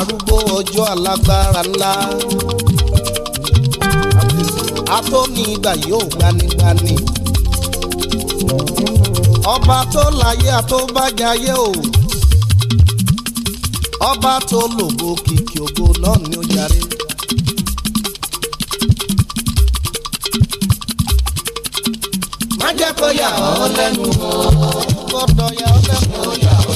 arúgbó ọjọ́ alágbára ńlá atóni ìgbà yóò gbanigbani ọba tó láyé àtọ́bàjáyé o ọba tó lògo kìkì ògo náà ni ó yarí. má jẹ́ kó yà ọ́ lẹ́nu o yà ọ́ lẹ́nu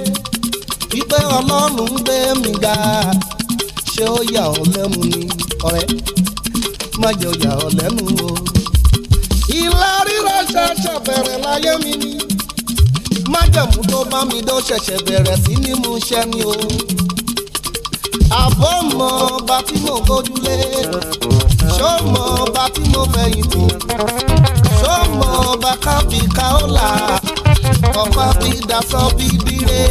ọlọ́run ń gbé mi ga ṣé ó yà ọ́ lẹ́nu ni ọ̀rẹ́ má jẹ́ ó yà ọ́ lẹ́nu o. ìlà rírà ṣẹ̀ṣẹ̀ bẹ̀rẹ̀ láyé mi ni májẹ̀mú tó bá mi dó ṣẹ̀ṣẹ̀ bẹ̀rẹ̀ sí ní mú ṣẹ́ mi o. àbọ̀ mọ ọba tí mo gbójúlé ṣó mọ ọba tí mo fẹ̀yìntì ṣó mọ ọba kábíkà ó là ọba bí dasọ́ bí dire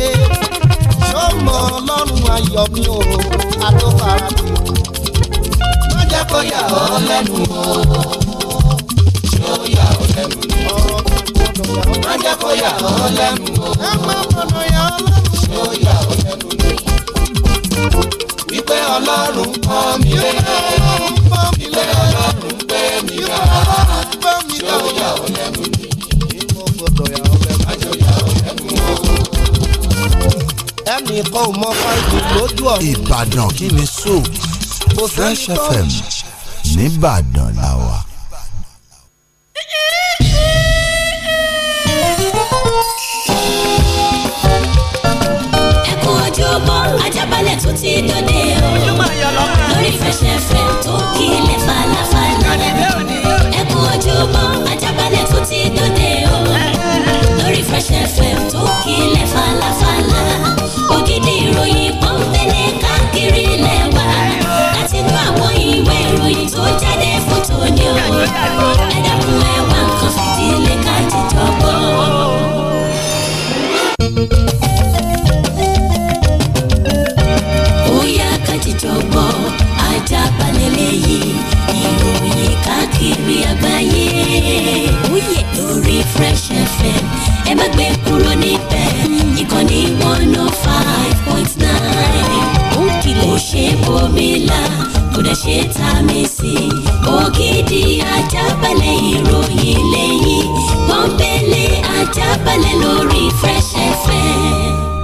tó mọ ọlọ́run ayọ̀ mi o adófarati o. má jẹ́ kó yà ọ́ lẹ́nu o ṣé ó yà ọ́ lẹ́nu ni. má jẹ́ kó yà ọ́ lẹ́nu o ẹ má gbọ́dọ̀ yà ọ́ lẹ́nu. ṣé yà ọ́ lẹ́nu ni. wípé ọlọ́run pọ́n mi lé ọlọ́run pọ́n mi lé. mi kọ́ ò mọ fáìlì lójú ọ̀. Ìbàdàn kí ni so Fresh FM nìbàdàn làwà. káàkiri àgbáyé. Oyè oh, lórí Refresh FM ẹ má gbé kúrò níbẹ̀ ìkànnì one oh five point nine. Ó kìlẹ̀ ó ṣe bòmílà kódà ṣe tá a sí. Ògidì ajábalẹ̀ ìròyìn lẹ́yìn pọ́npẹ́lẹ́ ajábalẹ̀ lórí Refresh FM.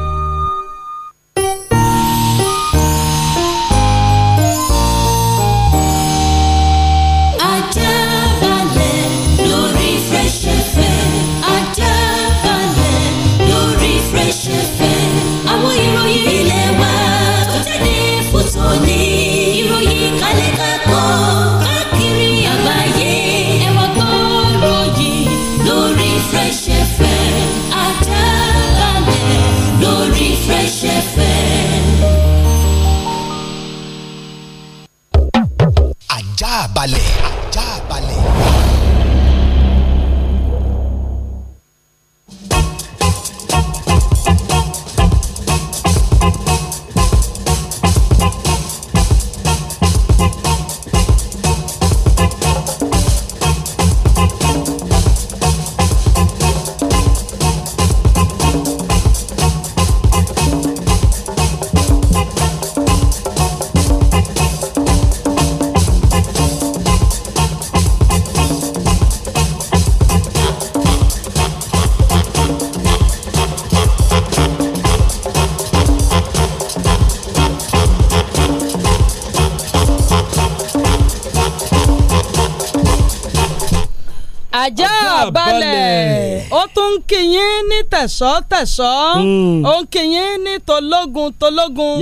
tẹ̀sọ́ tẹ̀sọ́ hmm. ó ń kíyín ní tológun tológun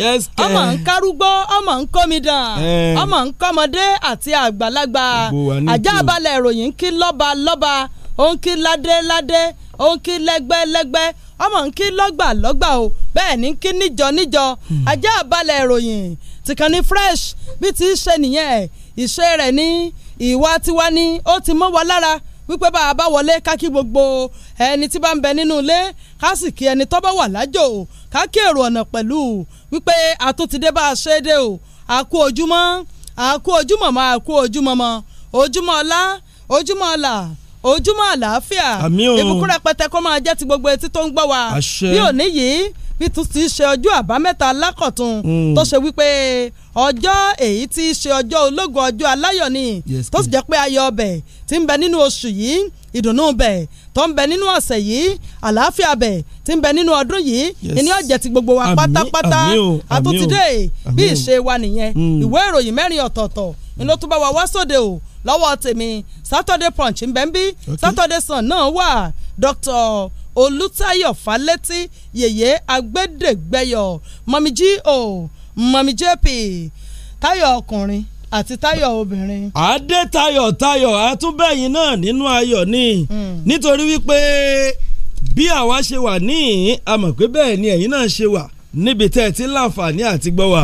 ọmọ ń kárúgbó ọmọ ń kómidàn eh. ọmọ ń kọ́mọdé àti àgbàlagbà ajá balẹ̀ ìròyìn kí lọ́ba lọ́ba ó ń kí ládé ládé ó ń kí lẹ́gbẹ́ lẹ́gbẹ́ ọmọ ń lọ́gbà lọ́gbà o bẹ́ẹ̀ ni kí níjọ níjọ hmm. ajá balẹ̀ ìròyìn tìkànnì fresh bí ti ṣe nìyẹn ìṣe rẹ̀ ní ìwà tiwa ni ó ti mọ́ wa lára wípé bá a bá wọlé ká kí gbogbo ẹni tí bá ń bẹ nínú ilé ká sì kí ẹni tó bá wà lájò ká èrò ọ̀nà pẹ̀lú wípé àtúntìdé bá a ṣe é dé o a kú ojúmọ́ a kú ojúmọ́ mọ́ a kú ojúmọ́ mọ́ ojúmọ́ ọlá ojúmọ́ ọlà ojúmọ́ àlàáfíà ìbùkún rẹpẹtẹ kó máa jẹ́ ti gbogbo etí tó ń gbọ́ wa bí òní yìí bí tún ti ṣe ọjọ́ àbámẹ́ta lákọ̀tún hmm. tó ṣe wípé ọjọ́ èyí tí ṣe ọjọ́ ológun ọjọ́ aláyọ̀ ni tó sì jẹ́ pé ayọ̀ ọbẹ̀ tí ń bẹ nínú oṣù yìí ìdùnnú bẹ̀ tó ń bẹ nínú ọ̀sẹ̀ yìí àlàáfíà bẹ̀ tí ń bẹ nínú ọdún yìí ìní ọ̀jẹ̀ ti gbogbo wa pátápátá àtúntìdé bí ìṣe wa nìyẹn hmm. ìwé ìròyìn mẹ́rin ọ̀tọ̀ọ̀tọ̀ ni ló bá wa wá sóde o lọ́wọ́ tèmi Saturday Punch ń bẹ ń bí Saturday Sun náà wà Dr. Olùtayọ̀ Fálétí yèyé agbẹ́dẹ̀gbẹ́yọ̀ mọ̀mí G.O. mọ̀mí J.P. Táyọ̀ ọkùnrin àti táyọ̀ obìnrin. àdé táyọ̀ táyọ̀ àtúbẹ̀yìn náà nínú ayọ̀ ni hmm. nítorí wípé bí àwa ṣe wà níhìn a mọ̀ pé bẹ́ẹ̀ ni ẹ̀yin náà ṣe wà níbi tẹ́ ẹ ti láǹfààní àti gbọ́ wa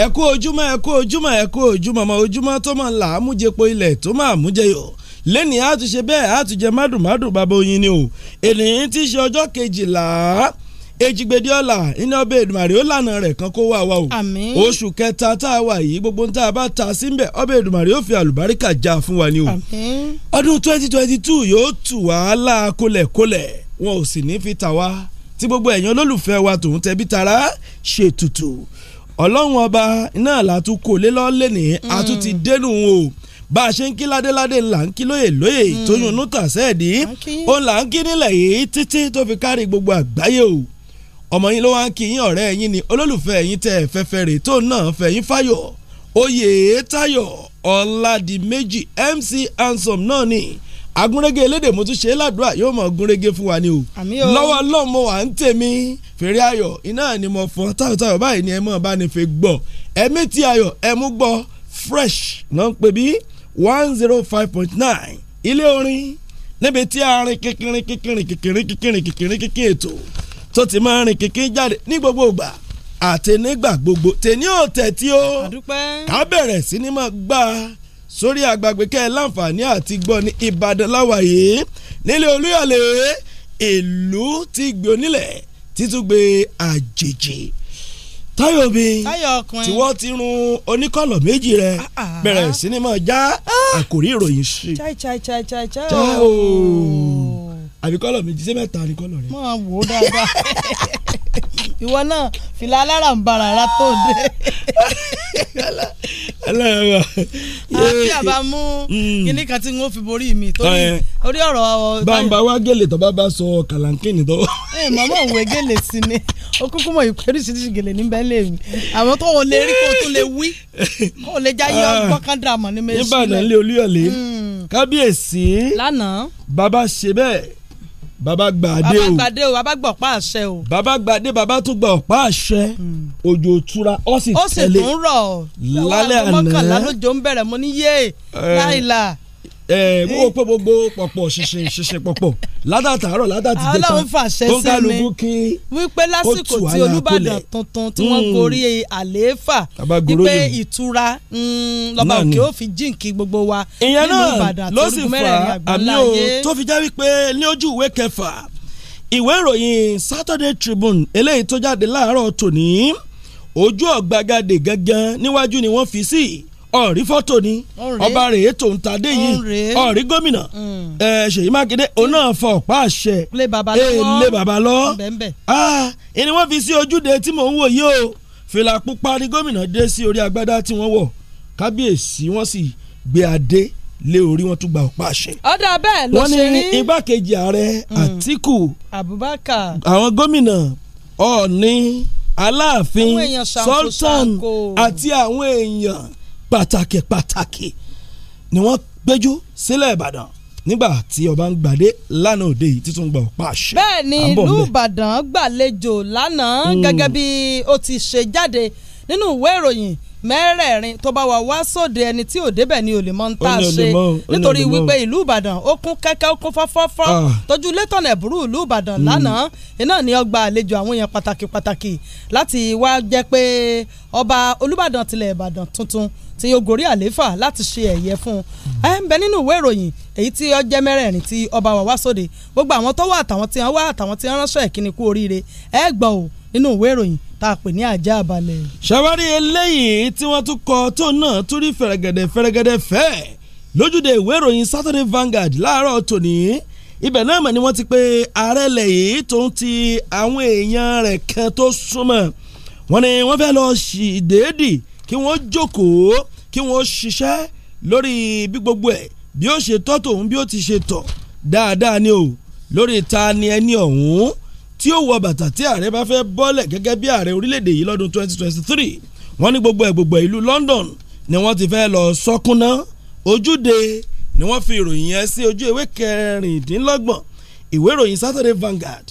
ẹ kú ojúmọ́ ẹ kú ojúmọ́ ẹ kú ojúmọ́ ọmọ ojúmọ́ tó máa ń là á mújepo ilẹ̀ tó máa mújẹyọ̀ lẹ́ni a tún ṣe bẹ́ẹ̀ a tún jẹ mádùmádù bàbá oyin ni o ènìyàn ti ṣe ọjọ́ kejìlá ejigbedi ọ̀la iná ọbẹ̀ Èdùmàrè ó lànà rẹ̀ kan kó wà wá o oṣù kẹta tá a wà yìí gbogbo tá bá ta síbẹ̀ ọbẹ̀ Èdùmàrè ó fi àlùbáríkà já fún wa ni o ọdún twenty twenty two yóò tù wá láà kólẹ̀kólẹ̀ wọn ò sì ní fi tà wá tí gbogbo ẹ̀yin olólùfẹ́ wa tòun tẹ̀bí tara ṣètùtù ọlọ́run ọba náà látún kò lé lọ́lé ní atún ti mm. dénú o bá a ṣe ń kí ládéládé là ń kí lóye lóye mm. tóyún nútà sẹ́ẹ̀dí òun là ń kí nílẹ̀ yìí títí tó fi kárí gbogbo àgbáyé o ọmọ yín ló wá ń kí yín ọ̀rẹ́ yín ni olólùfẹ́ yín tẹ̀ fẹ́fẹ́ rè tó náà fẹ́ yín fáyọ̀ oyè tayo ọ̀làdìmẹ́jì MC Ansom náà ni agúnrégé elédè mo tún ṣe é ládùúrà yóò mọ agúnrégé fún wa ni o lọ́wọ́ ọlọ́run mo wà ń tèmi fèrè ayọ̀ iná ni mo fọ́ tayọ̀tayọ̀ báyìí ni ẹ mọ̀ bá ní fe gbọ́ ẹ̀mí ti ayọ̀ ẹ mú fresh ló ń pè bí one zero five point nine ilé orin níbi tí a rin kíkìrín kíkìrín kíkìrín kíkìrín kíkìrín kíkìrín ètò tó ti máa rin kíkìrín jáde ní gbogbo ìgbà àti nígbà gbogbo tèmi ò tẹ̀ tí ó ká bẹ̀rẹ̀ sí sórí àgbàgbé kẹ́ ẹ láǹfààní àti gbọ́ ní Ìbàdàn láwàyé nílé Olúyọ̀lé ìlú ti gbé onílẹ̀ títúgbe àjèjì táyọ̀ mi tí wọ́n ti run oníkọ̀lọ̀ méjì rẹ̀ ah, ah, ah. bẹ̀rẹ̀ sinimá já àkórí ìròyìn sí. chai chai chai chai chai ooo oh. àbí kọ́lọ̀ méjì sí mẹ́ta ni kọ́lọ̀ rẹ̀. máa wò ó dáadáa. ìwọ náà fìlà alárànbarà rà tó dé. àti àbámú kíní kan tí n ó fi borí mi torí orí ọ̀rọ̀. bàbá wa gèlè tó bá bá sọ kàlánkìnì tó. ẹ màmá òwe gèlè sí ni ó kúkú mọ̀ ìpè oríṣiríṣi gèlè níbẹ̀ lè mi àwọn tó wọlé rí kó tó lè wí kó lè jáyé ah. ọgbọ́n kádàmọ́ ní méjì. nígbà náà lé olúyọ̀lé mm. kábíyèsí lánàá bàbá ṣe bẹ́ẹ̀ bàbá gbàdé o bàbá gbàdé o bàbá gbà ọ̀pá àṣẹ o. bàbá gbàdé bàbá tún gbà ọ̀pá àṣẹ hmm. òjò òtura ó sì tẹ̀lé lálẹ́ àná. ó sì tún rọ̀ lálẹ́ àná mọ́kànlá lójó ń bẹ̀rẹ̀ mo ní yé eh. láìla ẹ gbogbo gbogbo pọ̀pọ̀ ṣiṣẹ́ ṣiṣẹ́ pọ̀pọ̀ ládàtàárọ̀ ládàtìgbẹ́ tán Ọlọ́run fàṣẹ sí mi wípé lásìkò tí Olúbàdàn tuntun tí wọ́n hmm. gorí àlééfà wípé ìtura hmm, lọ́ba òkè ó fi jíǹkì gbogbo wa nínú Ìbàdàn tó dùn mẹ́rẹ̀ẹ́rin àgbọ̀nlá yé. tó fi já wípé ní ojú ìwé kẹfà ìwé ìròyìn Saturday Tribune eléyìí tó jáde láàárọ̀ tòní ojú ọ̀gbagadè gangan níwájú ni wọ́n fi sí i ọ̀rí fọ́tò ni ọba rèé tòun ta dé yìí ọ̀rí gómìnà mm. ṣèyí mákindé òun náà fọ ọ̀pá àṣẹ èlé bàbá lọ ẹni wọ́n fi sí ojúde tí mò ń wò yìí o fìlà pupa ni gómìnà dé sí orí agbádá tí wọ́n wọ̀ kábíyèsí wọ́n sì gbé adé lé orí wọn tún gba ọ̀pá àṣẹ. ọ̀dà bẹ́ẹ̀ ló ṣe rí. wọ́n ní igbákejì ààrẹ mm. àtìkù abubakar àwọn gómìnà ọ̀ọ́ni aláàfin sultan àti àwọn èèyàn pàtàkì pàtàkì ni wọ́n gbẹ́jú sílẹ̀ ìbàdàn nígbà tí ọba ń gbàdé lánàá òde yìí títún gba ọ̀pá àṣẹ. bẹ́ẹ̀ ni ìlú ìbàdàn gbàlejò lánàá hmm. gẹ́gẹ́ bí ó ti ṣe jáde nínú ìwé ìròyìn mẹ́rẹ̀ẹ̀rin tó bá wa wá sóde ẹni tí ò débẹ̀ ni ò lè mọ ń tà ṣe nítorí wípé ìlú ìbàdàn ó kún kẹ́kẹ́ ó kún fọ́fọ́fọ́ ah. tójú létọ̀nà ẹ̀bùrú ìlú ìbàdàn hmm. lánàá iná ni ọgbà àlejò àwọn èèyàn pàtàkì pàtàkì láti wá jẹ́ pé ọba olúbàdàn tilẹ̀ ìbàdàn tuntun tí ó gorí àlééfà láti ṣe ẹ̀yẹ fún un ẹ ń bẹ nínú ìwé ìròyìn èyí tí ó jẹ́ mẹ́rẹ̀ẹ̀rin tí ọba wa wá sóde gbogbo àwọn tó wà àtàwọn tí wọ́n wà àtàwọn tí wọ́n ránṣẹ́ ìkíni kú oríire ẹ gbọ́ ò nínú ìwé ìròyìn tá a pè ní ajá balẹ̀. ṣàwárí eléyìí tí wọ́n tún kọ tó náà tún rí fẹ̀rẹ̀gẹ̀dẹ̀ fẹ̀rẹ̀gẹ̀dẹ̀ fẹ́ lójúde ìwé ìròyìn Saturday Vanguard láàárọ̀ tòní ibẹ̀ náà mọ̀ ni wọ́n ti pé ààrẹ ilẹ̀ yìí tó ń ti àwọn èèyàn rẹ̀ kan tó súnmọ́ wọn ni wọ́n fẹ́ lọ ṣìdéédìí kí wọ́n jókòó kí wọ́n ṣiṣẹ́ lórí bí gbogbo ẹ̀ bí ó ṣe tọ́ tòun bí ó ti ṣe tọ́ dáadáa ni o lórí ta ni ẹni ọ̀hún tí ó wọ bàtà tí ààrẹ bá fẹ́ bọ́lẹ̀ gẹ́gẹ́ bí ààrẹ orílẹ̀-èdè yìí lọ́dún 2023 wọ́n ní gbogbo ẹ̀ gbogbo ìlú London ni wọ́n ti fẹ́ lọ sọ́kúnná ojúde ni wọ́n fi ìròyìn yẹn sí ojú ewé kẹrìndínlọ́gbọ̀n ìwé ìròyìn Saturday Vanguard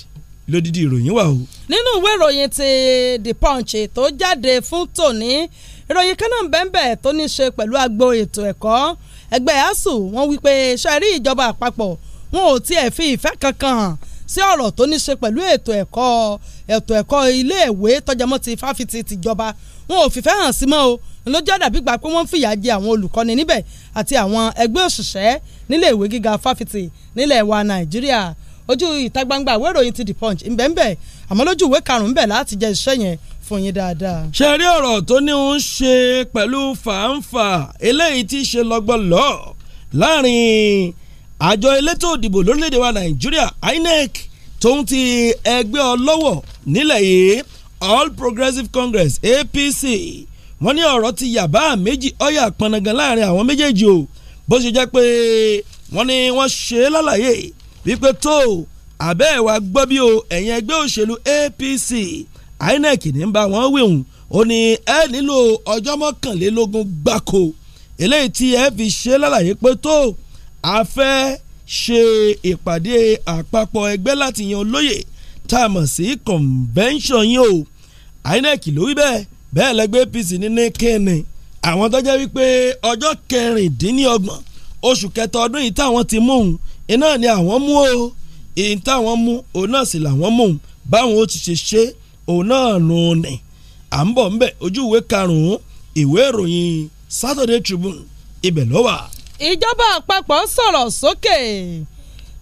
lódìdí ìròyìn wà o. nínú ìwé ìròyìn ti The Punch tó jáde fún tòní ìròyìn kan náà bẹ́ẹ̀nbẹ́ẹ̀ tó ní ṣe pẹ̀lú agbo ètò ẹ̀kọ́ ẹgbẹ́ asuu wọ́n wí pé sẹ́rí ìjọba àpapọ̀ wọn ò tiẹ̀ fi ìfẹ́ kankan hàn sí ọ̀rọ̀ tó ní ṣe pẹ̀lú ètò ẹ̀kọ́ ètò ẹ̀kọ́ iléèwé tọ́jàmọ́ ti fáfitì tìjọba wọn ò fìfẹ́ hàn sí mọ́ o ló jẹ́ dàbí pé wọ́n ń fìyà jẹ àwọn olùkọ́ni níbẹ̀ àti àwọn ẹgbẹ́ òṣìṣẹ́ nílé ìwé gíga fáfitì nílẹ̀ wa Nàìjíríà ojú ìta gbangba ìwé ìròyìn ti the punch ńbẹ́ńbẹ́ àmọ́ lójú ìwé karùn-ún bẹ̀ láti jẹ iṣẹ́ yẹn fún yín dáadáa. ṣe rí ọ̀rọ̀ tó ní ń ṣe pẹ̀lú fàǹfà eléyìí tí í ṣe lọ́gbọ́lọ́ láàrin àjọ elétò òdìbò lórílẹ̀‐èdè wa nàìjíríà INEC tóun ti ẹgbẹ́ ọlọ́wọ̀ nílẹ̀ yìí All Progressive Congress APC wọ́n ní ọ̀rọ̀ ti yàbá méjì ọ̀yà pọnagan láàrin àwọn méjèèjì o bó ṣe jẹ́ pé wọ́n ní wọ́n ṣe é lálàyé wípé tó abẹ́ ẹ̀ wá gbọ́ bí o ẹ̀yin ẹgbẹ́ òṣèlú APC INEC ní bá wọn wíhùn ó ní ẹ nílò ọjọ́ mọ́kànlélógún gbáko eléyìí tí ẹ fi ṣe lálàyé pé tó a fẹ́ ṣe ìpàdé àpapọ̀ ẹgbẹ́ láti yan olóyè tá a mọ̀ sí convention yìí o INEC ló wí bẹ́ẹ̀ bẹ́ẹ̀ lẹ́gbẹ́ APC ní ní kíni àwọn tó jẹ́ wípé ọjọ́ kẹrìndínlọ́gbọ̀n oṣù kẹta ọdún yìí táwọn ti mú un iná ni àwọn mú o èyí táwọn mú òun náà sì làwọn mú báwọn ó ti ṣe ṣe òun náà nù ní à ń bọ̀ ńbẹ̀ ojú karùn-ún ìwé ìròyìn Saturday Tribune ibẹ̀ ló wà. ìjọba àpapọ̀ sọ̀rọ̀ sókè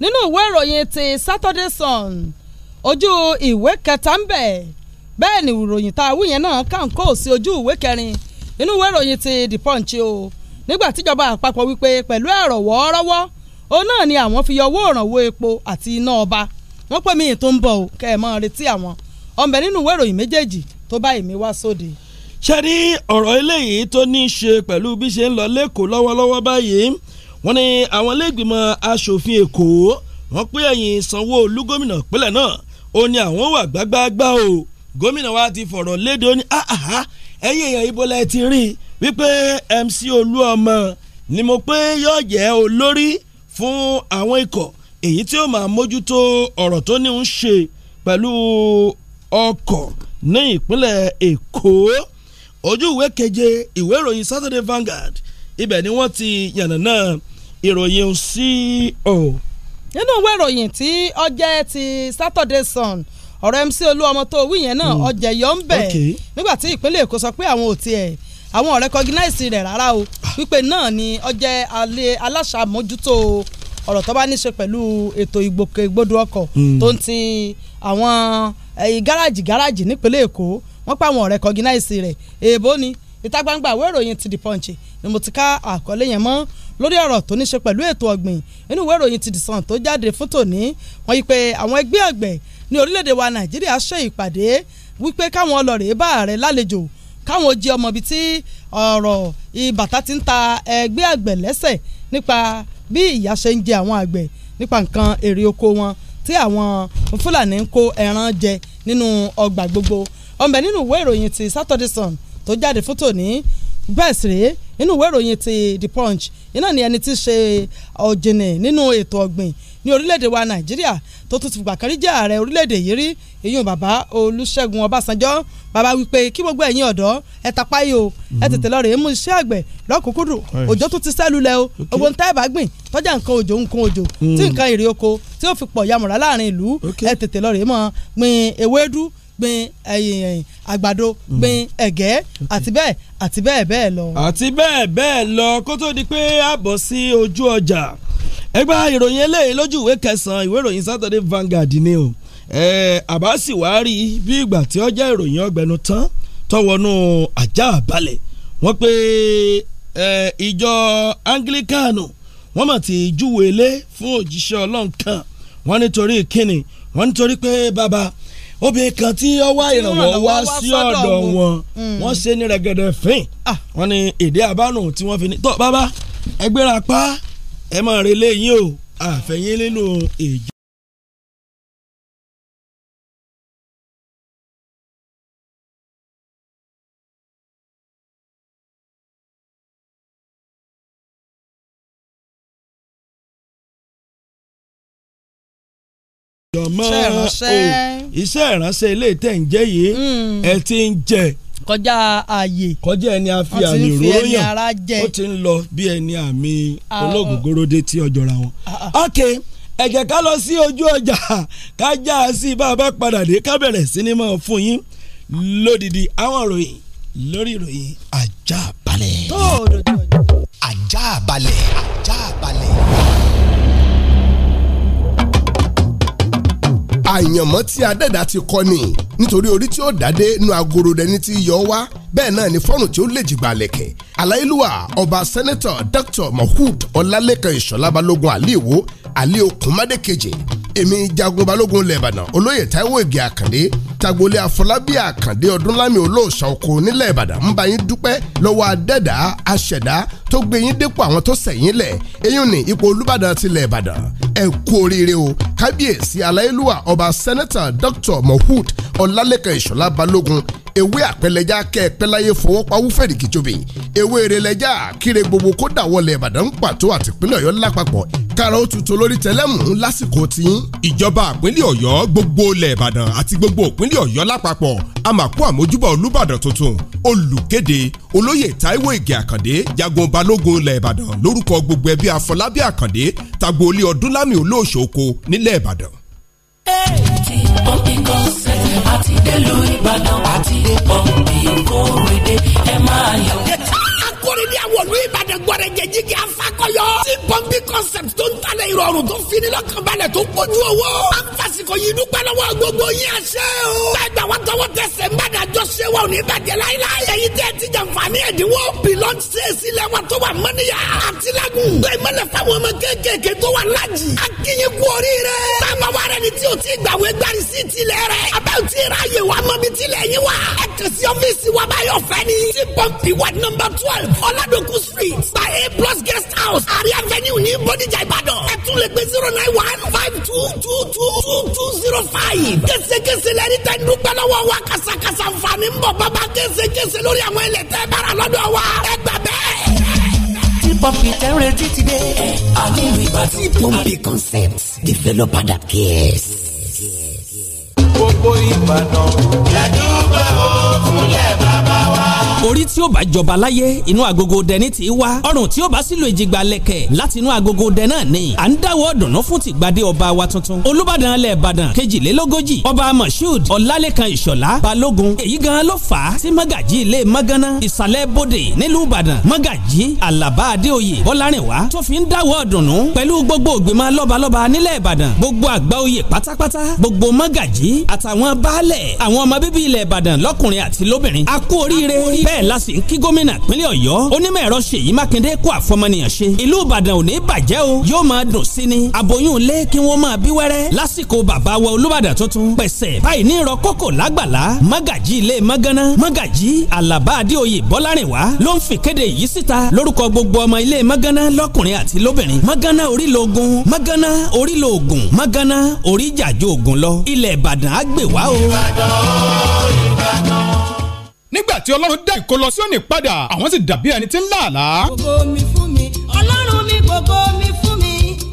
nínú ìwé ìròyìn ti Saturday Sun ojú ìwé kẹta ń bẹ̀ bẹ́ẹ̀ ni ìròyìn tá a wú yẹn náà kàn kó sí ojú ìwé kẹrin nínú ìwé ìròyìn ti The Punch o nígbà tíjọba àpapọ̀ wípé pẹ̀lú ẹ̀rọ wọ́ọ́rọ́wọ́ òun náà ni àwọn fi yọ owó òrànwó epo àti iná ọba wọ́n pè mí yìí tó ń bọ̀ o kẹ́ ẹ̀ mọ́ retí àwọn ọ̀nbẹ nínú ìwé ìròyìn méjèèjì tó bá èmi wá sóde. ṣe ní ọ̀rọ̀ eléyìí tó ní í ṣe pẹ̀lú bí ṣe ń lọ lẹ́kọ̀ọ́ lọ́wọ́lọ́wọ́ báyìí wọ́n ní àwọn iléègbìmọ̀ asòfin èkó wọ́n pé ẹ̀yìn sanwó-olú gómìnà pínlẹ̀ náà ó ní àwọn wà gbágbáágbá o gómìnà wa ti fọ̀rọ̀ léde ó ní àhà ẹ̀yìn èèyàn ibo lẹ ti rí wípé MC Olúọmọ ni mo pé yóò jẹ́ olórí fún àwọn ikọ̀ èyí tí ó máa mójútó ọ̀rọ̀ tó ní ń ṣe pẹ̀lú ọkọ̀ ní ìpínlẹ̀ Èkó ojú ìwé keje ìwé ìròyìn Saturday Vanguard ibẹ̀ ni wọ́n ti yànnàná ìròyìn sí o. nínú ìwé ìròyìn tí ó ti Saturday Sun ọ̀rọ̀ MC Olúọmọ tó wí yẹn náà hmm. ọ̀jẹ̀ yọ̀ ń bẹ̀ nígbà tí ìpínlẹ̀ Èkó sọ pé àwọn ò tiẹ̀ àwọn ò recognize rẹ̀ rárá o wípé náà ni ó jẹ́ aláṣàmójútó ọ̀rọ̀ tó bá ní ṣe pẹ̀lú ètò ìgbòkègbodò ọkọ̀ hmm. tó ń ti àwọn eh, gáràjì gáràjì nípínlẹ̀ Èkó wọ́n pa àwọn ò recognize rẹ̀ èèbó ni ìta gbangba àwọn ìròyìn ti The Punch ni mo ti ká àkọlé yẹn mọ́ lórí ọ̀rọ̀ tó ní ṣe pẹ̀lú ètò ọ̀gbìn nínú ìwé ìròyìn ti The tó jáde fún tòní wọ́n yí pé àwọn ẹgbẹ́ ọ̀gbẹ̀ ní orílẹ̀-èdè wa Nàìjíríà ṣe ìpàdé wípé káwọn ọlọ́rẹ̀ẹ́ bá ààrẹ lálejò káwọn jẹ ọmọ ibi tí ọ̀rọ̀ ìbàtà ti ń ta ẹgbẹ́ àgbẹ̀ lẹ́sẹ̀ nípa bí ìyà ṣe ń jẹ àwọn àgbẹ̀ nípa nǹkan èrè oko wọn tí àwọn fúlàní ń kó ẹran jẹ nínú ọgbà gbogbo ọmọbẹ nínú ìwé ìròyìn ti Saturday Sun tó jáde fún tòní bẹ́ẹ̀ rèé nínú ìwé ìròyìn ti The Punch iná ni ẹni tí ṣe ọ̀jìnì nínú ètò ọ̀gbìn ní orílẹ̀-èdè wa nàìjíríà tó tún ti fìgbà kan jẹ́ ààrẹ orílẹ̀-èdè yìí rí èyàn bàbá olùṣègùn ọbásanjọ́ bàbá wípé kí gbogbo ẹ̀yin ọ̀dọ́ ẹ tapá yìí o ẹ mhm. tètè lọ rèé mú iṣẹ́ àgbẹ̀ lọ́kùnkúndùn òjò tún ti sẹ́lu lẹ o owó ń tá ẹ̀ bá gbìn tọ́jà nǹkan òjò nǹkan òjò hmm. tí nǹkan èrè oko tí ó fi pọ̀ yamọ̀ra láàrin ìlú ẹ tètè lọ rèé mọ́ gbin ewédú gbin àgbàdo hmm. gbin ẹ̀gẹ́ àti bẹ́ẹ̀ àti bẹ́ẹ̀ bẹ́ẹ̀ lọ. àti bẹ́ẹ̀ bẹ́ẹ̀ lọ kó tó di pé a sí ojú ọjà ẹgbẹ́ ìròyìn eléyìí lójú ìwé kẹsàn-án ìwé ìròyìn Saturday Vanguard ni o àbá sì wá rí bí ìgbà tí ó jẹ́ ìròyìn ọgbẹ̀nu tán tọwọ́nú ajá àbálẹ̀ wọ́n pé ìjọ Anglican wọ́n mọ̀ ti júwe ilé fún òjíṣẹ́ Ọlọ́run kan wọ́n nítorí kíni wọ́n nítorí pé bàbá obìnrin kan tí ó wá ìrànwọ́ wá sí ọ̀dọ̀ wọn hmm. wọ́n ṣe ní rẹ̀gẹ̀dẹ̀ fín ah. wọ́n ní èdè àbánu tí wọ́n fi ní tọ́ bàbá ẹgbẹ́ra pa á ẹ máa relé yín o àfẹ̀yìn nínú èjì. jọmọ iṣẹ́ ìránṣẹ́ ilé tẹ̀ ń jẹ́ yìí hmm. ẹ ti ń jẹ kọjá ààyè kọjá ẹni a fi àmì ròyàn ó ti ń lọ bí ẹni àmì olóògùngóróde tí ọjọ́ ra wọn. ok ẹ jẹ́ ká lọ sí ojú ọjà ká já a sí bá a bá padà dé ká bẹ̀rẹ̀ sinimá fún yín lódìdí àwọn ìròyìn lórí ìròyìn ajá balẹ̀. ajá balẹ̀ ajá balẹ̀. àyànmọ́ tí adẹ́dà ti kọ ni nítorí orí tí ó dádé nu agoro rẹ̀ ti yọ wá bẹ́ẹ̀ náà ni fọ́ọ̀nù tí ó lè jìgbà lẹ̀kẹ̀ aláìlúwà ọba sẹ́nẹ́tọ̀ dr mahood ọlálẹ́kan ìṣọ̀lá balógun àlíwò àlí okùn mádékejì èmi jagun balógun lẹ́bàdàn olóyè táíwò ìgè àkàndé tagbolé àfọlábí àkàndé ọdúnlámi olóòṣà oko nílẹ̀ ìbàdàn ń bá yín dúpẹ́ lọ́wọ́ adẹ́dà aṣẹ̀dá tó gbé yín dépò àwọn tó sẹ̀yìn lẹ̀ eyín ní ipò olúbàdàn tilẹ̀ ìbàdàn ẹ kú oríire o kábíyèsí aláyélúwà ọba sẹ́nẹ́tà dr mohud ọlálẹ́kan ìṣọ̀lá balógun ewé àpẹlẹjà kẹpẹláyé fọwọ́pawú fèrèkìjòbè ewé erelẹjà kíre gbogbo kódà wọlé ìbàdàn pàtó àtìpínlẹ̀ ọ̀yọ́ lápapọ̀ kára ó tutù lórí tẹlẹ́mù lásìkò tí. ìjọba àpínlẹ̀ ọ̀yọ́ gbogbo ilẹ̀ ìbàdàn àti gbogbo òpínlẹ̀ ọ̀yọ́ lápapọ̀ àmàkù àmójúbà olùbàdàn tuntun olùkéde olóyè táíwò ìgè àkàndé jagun balógun ilẹ̀ ìbàdàn lórúkọ gbogbo ẹbí afọlábí àkàndé tagboolé ọdúnlámì olóòṣòko nílẹ̀ ìbàdàn. ti pọ́ńpì ní àwọ̀lú ìbàdàn gbọ́dọ̀ jẹ̀jì kí afakọyọ. tí pọ́ńpì concept tó ń talẹ̀ ìrọ̀rùn tó fini lọ́kànbalẹ̀ tó kojú owó. a ń fasikọ yìí dúpẹ́ lọ́wọ́ gbogbo yín àṣẹ o. gbàgbà wa tọwọ́ tẹsẹ̀ ń bàdà jọ ṣe wa ò ní bàjẹ́ láíláí. èyí tẹ́ ti jàǹfààní ẹ̀dínwó. pilọ́t ṣèṣì lẹ́wà tó wà mọ́níyà. àtìlágùn gbé mọ́lẹ̀ fáwọn ọmọ kéékèèké tó wà lájì. a kì í kú oríire. táwọn àwa rẹ̀ ni tí o ti gbàwé gbárí sí tilẹ̀ rẹ̀. abẹ́ ò ti ra yè wa mọ́ bí tilẹ̀ yín wa. ẹ kàn sí ọ́fíìsì wa báyọ̀ fẹ́ ni. tí pọ́ǹpì wà nọ́mbà twelve. ọl aladoku street by a plus guest house àrí avenue ní bodijà ìbàdàn ẹ tún lè pè zero nine one five two two two two two zero five késekése lẹ́ni tẹ́ ń dúpẹ́ lọ́wọ́ wa kàṣàkàṣà nfààní ń bọ̀ bàbá késekése lórí àwọn ilẹ̀ tẹ́ bára lọ́dọ̀ wa ẹ gbà bẹ́ẹ̀ pọ́ǹpì tẹ́ retí ti dé. àní ìbá tí pọ́ǹpì concepts developer that cares. gbogbo ìbàdàn. yàtúbà ó fúnlẹ̀ bá orí tí ó bá jọba láyé inú agogo dẹ ní ti wá ọrùn tí ó bá sílò ìjìgbà lẹ̀kẹ̀ láti inú agogo dẹ náà ni à ń dáwọ́ dùnú fún tìgbàdé ọba wa tuntun olúbàdàn alẹ́ ìbàdàn kejìlélógójì ọba moshood ọlálékan ìṣọ̀lá balógun èyí gan ló fà á tí mágàjí ilé magana ìsàlẹ̀ bòde nílùú ìbàdàn mágàjí àlàbá adéoyè bọ́lárìnwá tó fi ń dáwọ́ dùnú pẹ̀lú gbogbo ògbìmọ̀ lọ́balọ́ba nílẹ̀ ìbàdàn gbogbo àgbà oyè pátápátá gbogbo mágàjí àtàwọn baálẹ̀ àwọn ọmọ bíbí ilẹ̀ ìbàdàn lọ́kùnrin àti lóbìnrin a kú oríire bẹ́ẹ̀ la sì ń kí gómìnà ìpínlẹ̀ ọ̀yọ́ onímọ̀ ẹ̀rọ ṣèyí mákindé kó àfọmọnìyàn ṣe ìlú ìbàdàn ò ní bàjẹ́ o yóò máa dùn sí ni àbòyún ilé kí wọ́n máa bí wẹ́rẹ́ lásìkò bàbá wa olúbàdàn tuntun pẹ̀sẹ̀ báyìí ní ìrọ̀ kókò lágbàlá mágàjí ilé mágánná mágàjí àlàbá adéoyè bọ́lárìnwá ló ń fìkéde yìí síta lórúkọ gbogbo ọmọ ilé mágánná lọ́kùnrin àti lóbìnrin mágánná orílòògùn mágánná orílòògùn mágánná oríjàjò ògùn lọ ilẹ̀ ìbàdàn á gbè wá o. ìbàdàn ó nígbà tí ọlọ́run dá ìkólọ Síónì padà àwọn sì dàbí ẹni tí ń làálàá. gbogbo mi fún mi ọlọ́run mi gbogbo mi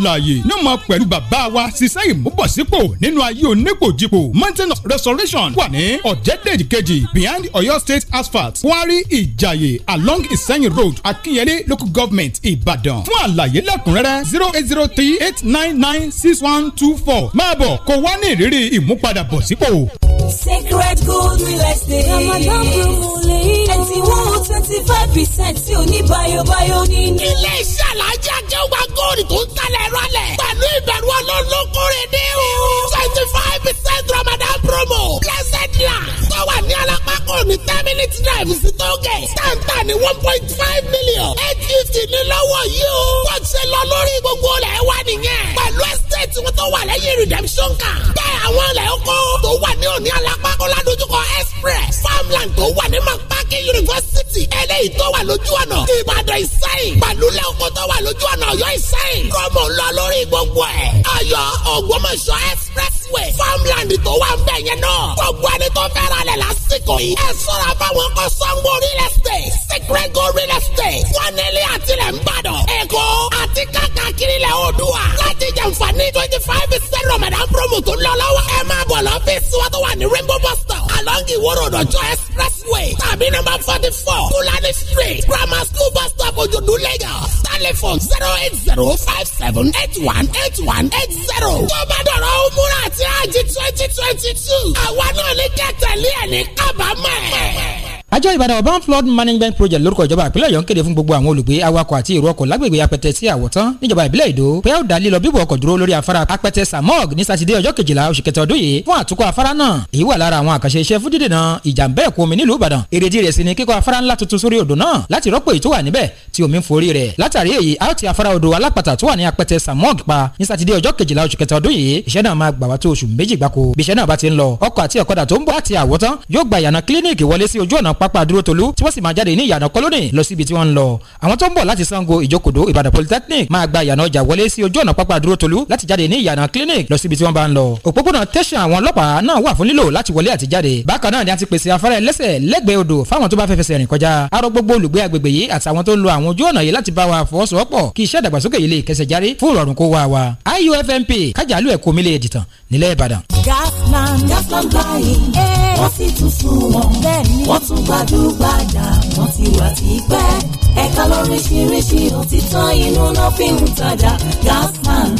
alààyè ní ọmọ pẹ̀lú bàbá wa ṣiṣẹ́ ìmúbọ̀sípò nínú ayé onípòjìpò mountain of restoration wà ní ọ̀jẹ̀dẹ̀jì behind Ọ̀yọ́ state asphalt kwari ìjàyè along ìsẹ́yìn road akínyẹlé local government ìbàdàn fún àlàyé lẹ́kùnrẹ́rẹ́ zero eight zero three eight nine nine six one two four máa bọ̀ kó wá ní ìrírí ìmúpadàbọ̀sípò sacred gold real estate. ramadan promo Twenty one twenty five percent tí o ní bayobayo nínú. ilé iṣẹ́ alájà jẹ́ wa góòlù tó ń talẹ̀ rọlẹ̀ pẹ̀lú ìbẹ̀rù ọlọ́lọ́kùnrin ní o. twenty five percent ramadan promo promo blessed land tó wà ní alápákó ní ten minute drive sí tóge tàǹtà ní one point five million eight fifty ní lọ́wọ́ yìí o kò ṣe lọ lórí gbogbo rẹ̀ wá nìyẹn pẹ̀lú estate wọn tó wà lẹ́yìn redemption kan bẹ́ẹ̀ àwọn ilẹ̀ oko tó wà ní òní alápákó ládojúkọ express farmland tó wà ní mapaki university eléyìí tó wà lójú ọ̀nà ìbàdàn ìsẹ́yìn pẹ̀lú ilẹ̀ oko tó wà lójú ọ̀nà ọ̀yọ́ ìsẹ́yìn promo ń lọ lórí gbogbo ẹ̀ ayọ̀ ògbómọ̀ṣọ́ expressway farmland tó wà ń yẹn náà. gbogbo ẹni tó fẹ́ ra lẹ̀ lásìkò yìí. ẹ sọ̀rọ̀ fáwọn kan sango real estate secret go real estate wọn nílé àtìlẹ̀ ń bàdàn. èkó àti kákàkiri lẹ̀ odua. láti jàǹfààní twenty five percent ramadan promo tó lọ lọ́wọ́. ẹ máa bọ̀ lọ́fíìsì wa wà ní rainbow bus stop along Iwo Road Ọjọ́ expressway tàbí number forty four Kulani street grammar school bus stop Ojodu Lagos telephone zero eight zero five seven eight one eight one eight zero. tó bá dọ̀rọ̀ umura àti ají twenty twenty two àwa náà ní kẹ́tẹ̀lé ẹ̀ ní kábàámọ̀ ẹ̀ àjọ ìbàdàn urban flood management project lórúkọ ìjọba ìpínlẹ̀ ọ̀yọ́ ń kéde fún gbogbo àwọn olùgbé awakọ̀ àti èrò ọkọ̀ lágbègbè apẹtẹ sí àwọ̀tán níjọba ìbílẹ̀ ìdó pé ó dá lílọ bíbọ̀ ọkọ̀ dúró lórí afárá apẹtẹ samog ní sátidé ọjọ́ kejìlá oṣù kẹta ọdún yìí fún àtúkọ̀ afárá náà èyí wà lára àwọn àkànṣe iṣẹ́ fún dídènà ìjàmbá ẹ̀kún omi nílùú ìbàdàn èrèdí ni kíkọ́ afárá ńlá tuntun sórí odò náà láti rọ́pò èyí tó wà níbẹ̀ tí omi ń forí rẹ̀ látàrí èyí a ó ti afárá odò alápàtà tó wà ní apẹtẹ samog pa ní sátidé ọjọ́ kejìlá oṣù kẹta ọdún yìí iṣẹ́ náà máa gbà wá tó oṣù méjì gbáko bí iṣẹ́ náà bá ti ń lọ ọkọ̀ àti ọ̀kadà tó ń bọ̀ láti àwọ̀tán yóò gba ìyànà kílíníìkì wọlé sí pápá dúró tolú tí wọ́n sì máa jáde ní ìyànà kọ́lónì lọ síbi tí wọ́n ń lọ àwọn tó ń bọ̀ láti Sango Ìjókòdó Ìbàdàn polytechnic máa gba ìyànà ọjà wọlé sí ojú ọ̀nà pápá dúró tolú láti jáde ní ìyànà clinic lọ síbi tí wọ́n bá ń lọ òpópónà tẹ̀sán àwọn ọlọ́pàá náà wà fún lílò láti wọlé àti jáde bákan náà ni a ti pèsè afárá ẹlẹ́sẹ̀ lẹ́gbẹ̀ẹ́ odò fáwọn tó bá fẹ́ fẹsẹ̀ rìn kọjá arọ gbogbo olùgbé agbègbè yìí àtàwọn tó ń lo àwọn ojú ọ̀nà yìí láti bá wa fọwọ́sowọ́pọ̀ kí iṣẹ́ ìdàgbàsókè gbajúgbajà wọ́n ti wà tipẹ́ ẹ̀ka lóríṣiríṣi òtítọ́ inú náà fi ń tajà man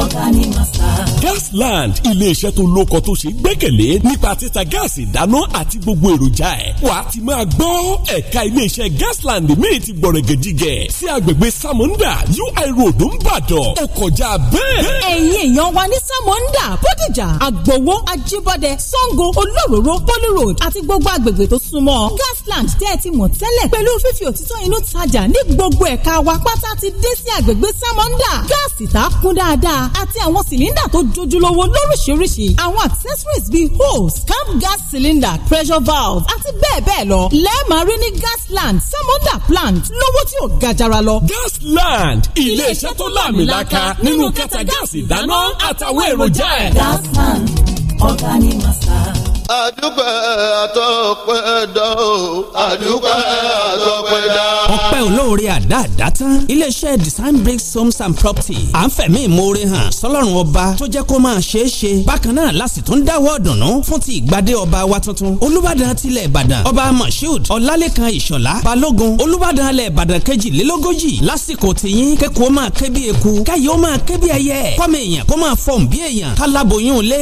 ọ̀gá màsà. Gasland ilé-iṣẹ́ tó lóko tó ṣe gbẹ́kẹ̀lé nípa títa gáàsì ìdáná àti gbogbo èròjà ẹ̀. wà á ti máa gbọ́ ẹ̀ka ilé Gasland míì ti gbọ̀rẹ̀gẹ̀dìgẹ̀ sí agbègbè Samonda UI road ńbàdàn ó kọjá bẹ́ẹ̀. ẹ̀yin èèyàn wa ní Samonda Bódìjà Àgbòwó Ajíbọ́dẹ Sango Olóròró Poly road àti gbogbo agbègbè tó súnmọ́ Gasland tẹ́ ẹ ti mọ̀ tẹ́lẹ̀ pẹ̀lú fífi òtítọ́ inú tajà ní gbogbo ẹ̀ka wa pátá ti dé sí agbègbè Samonda gáàsì tá a kún dáadáa dára àti àwọn cylinder tó jojúlówó lóríṣiríṣi àwọn accessories bíi hose camp gas cylinder pressure valve àti bẹ́ẹ̀ bẹ́ẹ̀ lọ lẹ́ẹ̀máa rí ní gasland samoda plant lówó tí ò ga jara lọ. gasland ilé-iṣẹ́ tó láàmìlaka nínú kẹta gáàsì ìdáná àtàwọn èròjà ẹ̀. gasland ọ̀gá ni màsà àdúpẹ́ àtọ́pẹ́dá o àdúpẹ́ àtọ́pẹ́dá. ọpẹ́ olóore àdáàdá tán iléeṣẹ́ design breaks homes and property à ń fẹ̀mí ìmoore hàn sọlọ́run ọba tó jẹ́ kó máa ṣeé ṣe bákan náà la sì tún dáwọ́ dùnú fún ti ìgbàdé ọba wa tuntun olúbàdàn tilẹ̀ ìbàdàn ọba moshood ọlálẹ́kan ìṣọ̀lá balógun olúbàdàn alẹ̀ ìbàdàn kejìlélógójì lásìkò tìyín kékuó máa ké bí eku káyé ó máa ké bí ẹyẹ kọ́mọ èèyàn kó máa fọ̀n bí èèyàn kálábòyún lé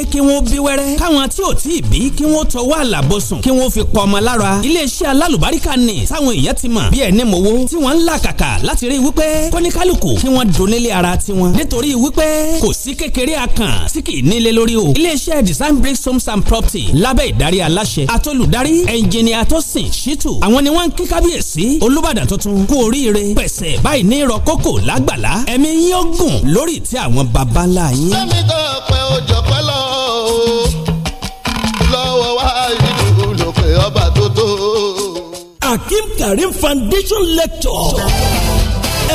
kí wọ́n tọwọ́ àlàbọ̀ sùn kí wọ́n fi pa ọmọ lára iléeṣẹ́ alálùbáríkà ni táwọn èèyàn ti mọ̀ bí ẹni mowó tí wọ́n ń là kàkà láti rí wípé kọ́níkálùkù kí wọ́n donílé ara tiwọn nítorí wípé kò sí kékeré akàn tí kì í nílé lórí o iléeṣẹ́ design bricks some some property lábẹ́ ìdarí aláṣẹ atolùdarí ẹnjìnìà Tósìn Ṣítù àwọn ni wọ́n ń kí kábíyèsí Olúbàdàn tuntun kú oríire pẹ̀sẹ̀ báyìí ní ìrọ̀ kókò lágbàlá ẹ̀mí yín ó gùn Akim Karim Foundation lecture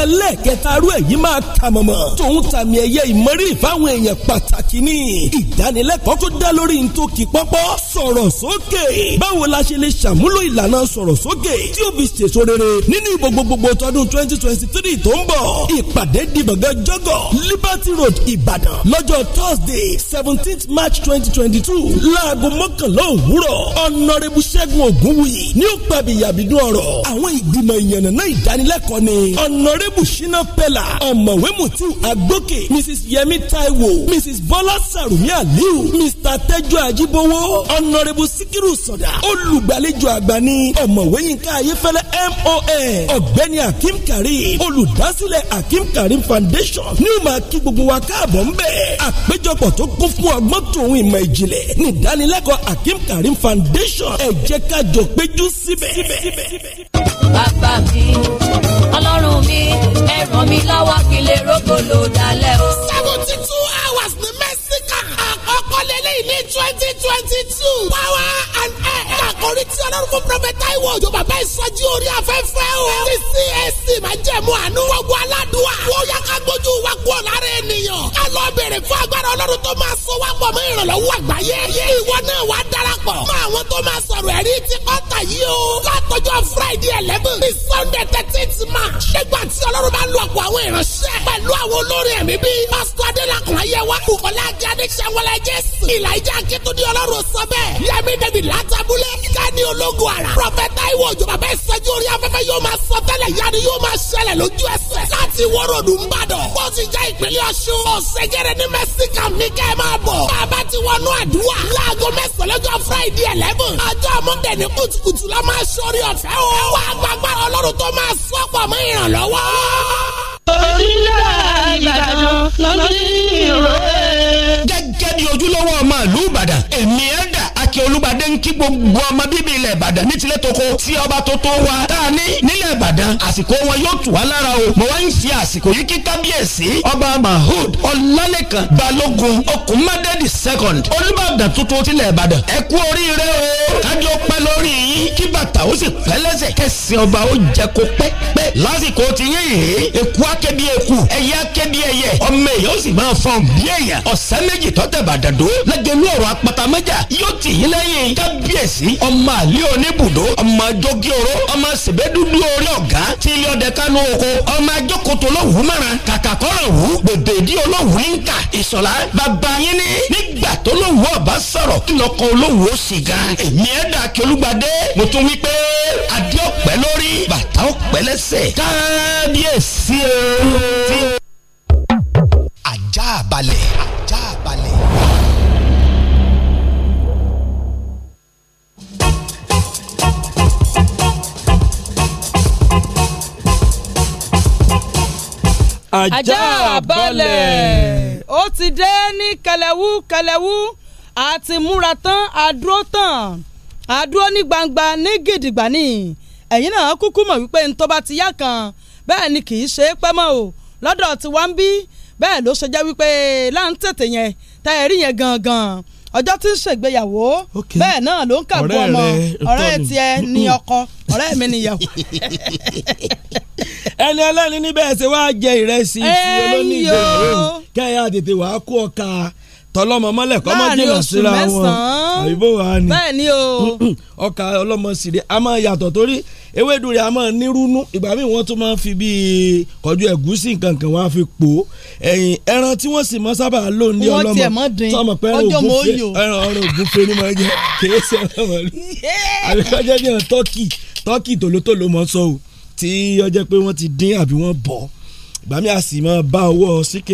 ẹlẹ́ẹ̀kẹta rú èyí máa ta mọ̀mọ́ tòun tàmì ẹ̀yẹ ìmọ̀rí ìfáwọn èèyàn pàtàkì ní ìdánilẹ́kọ̀ọ́ tó dá lórí ntòkì pọ́pọ́ sọ̀rọ̀ sókè báwo la ṣe lè ṣàmúlò ìlànà sọ̀rọ̀ sókè tí ó fi ṣèso rere nínú ìbò gbogbogbò tọdún twenty twenty three tó ń bọ̀ ìpàdé dìbọ̀gẹ́ jọ́gọ̀ Liberty Road Ìbàdàn lọ́jọ́ Thursday seventeenth March twenty twenty two láago mọ́kànlá òwúrọ̀ ọ̀nàrẹ́bù ṣẹ́gun ògúnwùyí ní ó pàbíyàbídún ọ̀rọ̀ àwọn ìgbìmọ̀ ìyànnà náà ìdánilẹ́kọ̀ọ́ ni ọ̀nàrẹ́ honourable shina pella ọ̀mọ̀wé mutu agbókè mrs yemi taiwo mrs bọ́lá sàrùmí aliu mr tẹ́jọ́ ajíbówó honourable sikiru sọ̀dà olùgbàlejò àgbà ní ọ̀mọ̀wé yínká ayéfẹ́lẹ́ mon ọ̀gbẹ́ni akim karim olùdásílẹ̀ akim karim foundation ní o máa kí gbogbo wa káàbọ̀ ń bẹ̀ àpéjọpọ̀ tó kún fún ọgbọ́n tòun ìmọ̀ ìjìnlẹ̀ ní ìdánilẹ́kọ̀ọ́ akim karim foundation ẹ jẹ́ ká jọ péjú síbẹ̀. bàbá mi ọlọ́run mi ẹ ràn mí lọ́wọ́ kí lè rógòlò dalẹ̀ o. seventy two hours ní mẹ́síkà àkọ́kọ́lélẹ́ ní twenty twenty two power and air àkórí tí ọlọ́run fún prọfẹ̀tà Táíwò Òjó bàbá ìsọjí orí afẹ́fẹ́ o. csc máa jẹ̀mú àánú gbogbo aládùúwà. wọ́n yà ká gbójú wa kú ọ̀la rẹ̀ ni béèrè fún agbára ọlọ́run tó máa so wá pọ̀ mọ́ ìrànlọ́wọ́ àgbáyé. ìwọ náà wàá darapọ̀ mọ́ àwọn tó máa sọ̀rọ̀ ẹ̀rí ti kọ́ta yìí o. látọjọ́ friday eleven ní sunday thirteenth march. nígbà tí ọlọ́run bá lu ọ̀pọ̀ àwọn ìránṣẹ́. pẹ̀lú àwọn olórin ẹ̀mí bíi pásítọ̀ adélakùn ayẹwa. bukola ajé adéṣẹ́wọlé jésù. ìlàjà akitunde ọlọ́run sọ bẹ́ẹ̀. yẹmi david látàbúlẹ̀. kání ológun ara. prọfẹtà ìwọ òjò bàbá ìṣẹ́jú orí afẹ́fẹ́ yóò máa sọ tẹ́lẹ̀ yáni yóò máa ṣẹlẹ̀ lójú ẹsẹ̀. láti wọ́rọ̀dù ń bàdàn. bó ti já ìpínlẹ̀ ọ̀ṣun. ọ̀sẹ̀ jẹrẹ ní mẹ́síkà ní kẹ́ ẹ máa bọ̀. bàbá ti wọnú àdúrà. láago mẹ́sàn-án lọ́jọ́ friday eleven. ọjọ́ monday ní kùtùkùtù la máa ṣorí ọ̀fẹ́ o. wà á gbàgbà ọlọ́run tó máa sọ́pọ̀ mọ́ ìrànlọ́wọ́. orílẹ̀ ìbàdàn lọ́dún ìrọ̀lẹ́. gẹ́gẹ́ bí ojúlówó ọmọ ìlú ìbàdàn èmi ẹ̀ akin olúbadé ń kí gbogbo ọmọ bíbí ilẹ̀ ìbàdàn ní tilẹ̀ toko tí ọba tó tó wa tá a ní nílẹ̀ ìbàdàn àsìkò wọn yóò tù wá lára o mo wá ń fi àsìkò yìí kí kábíyèsí ọba mahood ọlálẹ́kan balógun ọkùnmádé second olúbàdàn tuntun tilẹ̀ ìbàdàn ẹ kú oríire o kájọ pẹ́ lórí yín kí bàtà ó sì pẹ́ lẹ́sẹ̀ kẹsì ọba ó jẹ kó pẹ́pẹ́ lásìkò ti yín yìí èkú akẹ́bí èkú ẹ̀yẹ akẹ́bí ẹ̀yẹ ọmọ èyàn ó sì máa fọ́n bí èyàn ọ̀sẹ̀ méjì tọ́tẹ̀ bàdàdó lẹ́gẹ̀ẹ́lú ọ̀rọ̀ apátámẹ́jà yóò tì í ànílẹ́yìn kábíyèsí ọmọ àlẹ́ oníbùdó ọmọ jogi oró ọmọ sèbédúdú orí ọ̀gá tí ilé ọdẹ kánú oko ọmọ ajókòtò lọ́wọ́ mara kàkà kọ́rọ̀ wù gbèdè ìdí olówù ní nkà ìsọ̀lá bàbá yín ní nígbà tó lówù ọba sọ̀rọ̀ lọ́kọ̀ olówù ó sì ga èmi ẹ̀ dà kí olúgbadé mo tún wí pé adé ọ̀pẹ́ lórí bàtà ọ̀pẹ́ lẹ́sẹ̀ kábíyèsí o. ajá balẹ̀ ajá balẹ̀. ajá balẹ̀. ó ti dé ní kẹlẹ́wú kẹlẹ́wú àti múra tán àdúró tán àdúró ní gbangba ní gidigba ní ẹ̀yin náà kúkú mọ̀ wípé ntọ́ bá ti yá kan bẹ́ẹ̀ ni kì í ṣe é pẹ́ mọ́ o lọ́dọ̀ tí wọ́n ń bí bẹ́ẹ̀ ló ṣe jẹ́ wípé láǹtẹ̀tẹ̀ yẹn tá ẹ̀ yẹn gangan ọjọ́ tí ń ṣègbéyàwó bẹ́ẹ̀ náà ló ń kàgbọ́ ọmọ ọ̀rẹ́ tiẹ̀ ni ọkọ ọ̀rẹ́ mi nìyàwó. ẹni ẹlẹ́ni níbẹ̀ ṣe wá jẹ ìrẹsì tí olóní ìgbéyàwó kẹ́yà wàá kó ọkà tọlọmọ mọlẹ kọ mọ jìnnà síra wọn àyíbó wa ni bẹ́ẹ̀ ni o ọkà ọlọmọ síre a máa yàtọ̀ torí ewédú rẹ̀ a máa nírúnú ìgbà míì wọ́n tún máa fi bíi kọjú ẹ̀gúsí nkankan wọ́n á fi pò ó ẹ̀yìn ẹran tí wọ́n sì máa sábà lò ní ọlọ́mọ tọmọ pé ẹran ògúnfe ẹran ọrọ ògúnfe ni máa jẹ kìí ṣe ẹran mọ̀lú àbíkájẹ́ bí ẹran tọ́kì tọ́kì tòlótòló mọ́ sọ o tí ó jẹ́ pé wọ́n ti dín àbí wọ́n bọ̀ ìgbà míì a sì máa bá owó síkì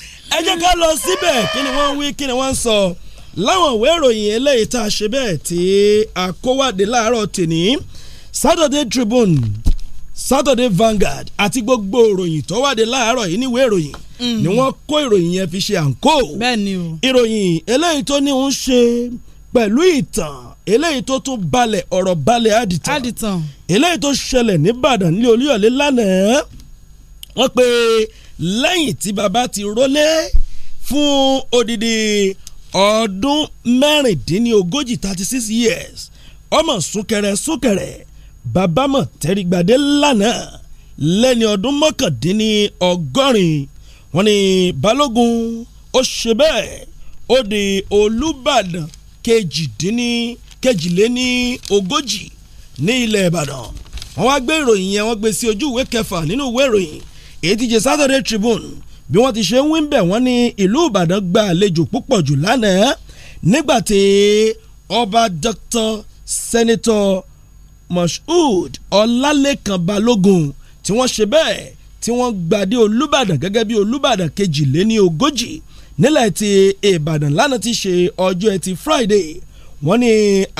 ẹ jẹ́ ká lọ síbẹ̀ kí ni wọ́n ń wí kí ni wọ́n sọ láwọn ìwé ìròyìn eléyìí tá a ṣe bẹ́ẹ̀ tí a láàárọ̀ tèní Saturday Tribune Saturday Vanguard àti gbogbo ìròyìn tó wáde láàárọ̀ yìí níwèé ìròyìn ni mm. wọ́n kó ìròyìn yẹn fi ṣe àǹkó ìròyìn eléyìí tó ní ń ṣe pẹ̀lú ìtàn eléyìí tó tún balẹ̀ ọ̀rọ̀ balẹ̀ àdìtàn eléyìí tó ṣẹlẹ̀ nìbàdàn ní olúyọ̀lé lánàá wọ́n pe lẹ́yìn tí bàbá ti rólé fún odidi ọdún mẹ́rìndínlógójì thirty six years ọmọ súnkẹrẹ súnkẹrẹ baba mọ̀ tẹ́rìgbàdé lánàá lẹ́ni ọdún mọ́kàndínní ọgọ́rin wọ́n ní balógun ó ṣe bẹ́ẹ̀ ó di olùbàdàn kejìdínní kejìléní ogójì ní ilẹ̀ ìbàdàn wọ́n wá gbé ìròyìn yẹn wọ́n gbé sí ojú ìwé kẹfà nínú ìwé ìròyìn èyí ti jẹ́ Saturday Tribune bí wọ́n ti ṣe ń wí ń bẹ̀ wọ́n ní ìlú Ìbàdàn gba àlejò púpọ̀ jù lánàá nígbàtí ọba Dr. Senator Moshood Ọlálékan Balógun tí wọ́n ṣe bẹ́ẹ̀ tí wọ́n gbadé Olúbàdàn gẹ́gẹ́ bí Olúbàdàn kejì lé ní ogójì nílẹ̀ ti Ìbàdàn lánàá ti ṣe ọjọ́ ẹtì Friday wọ́n ní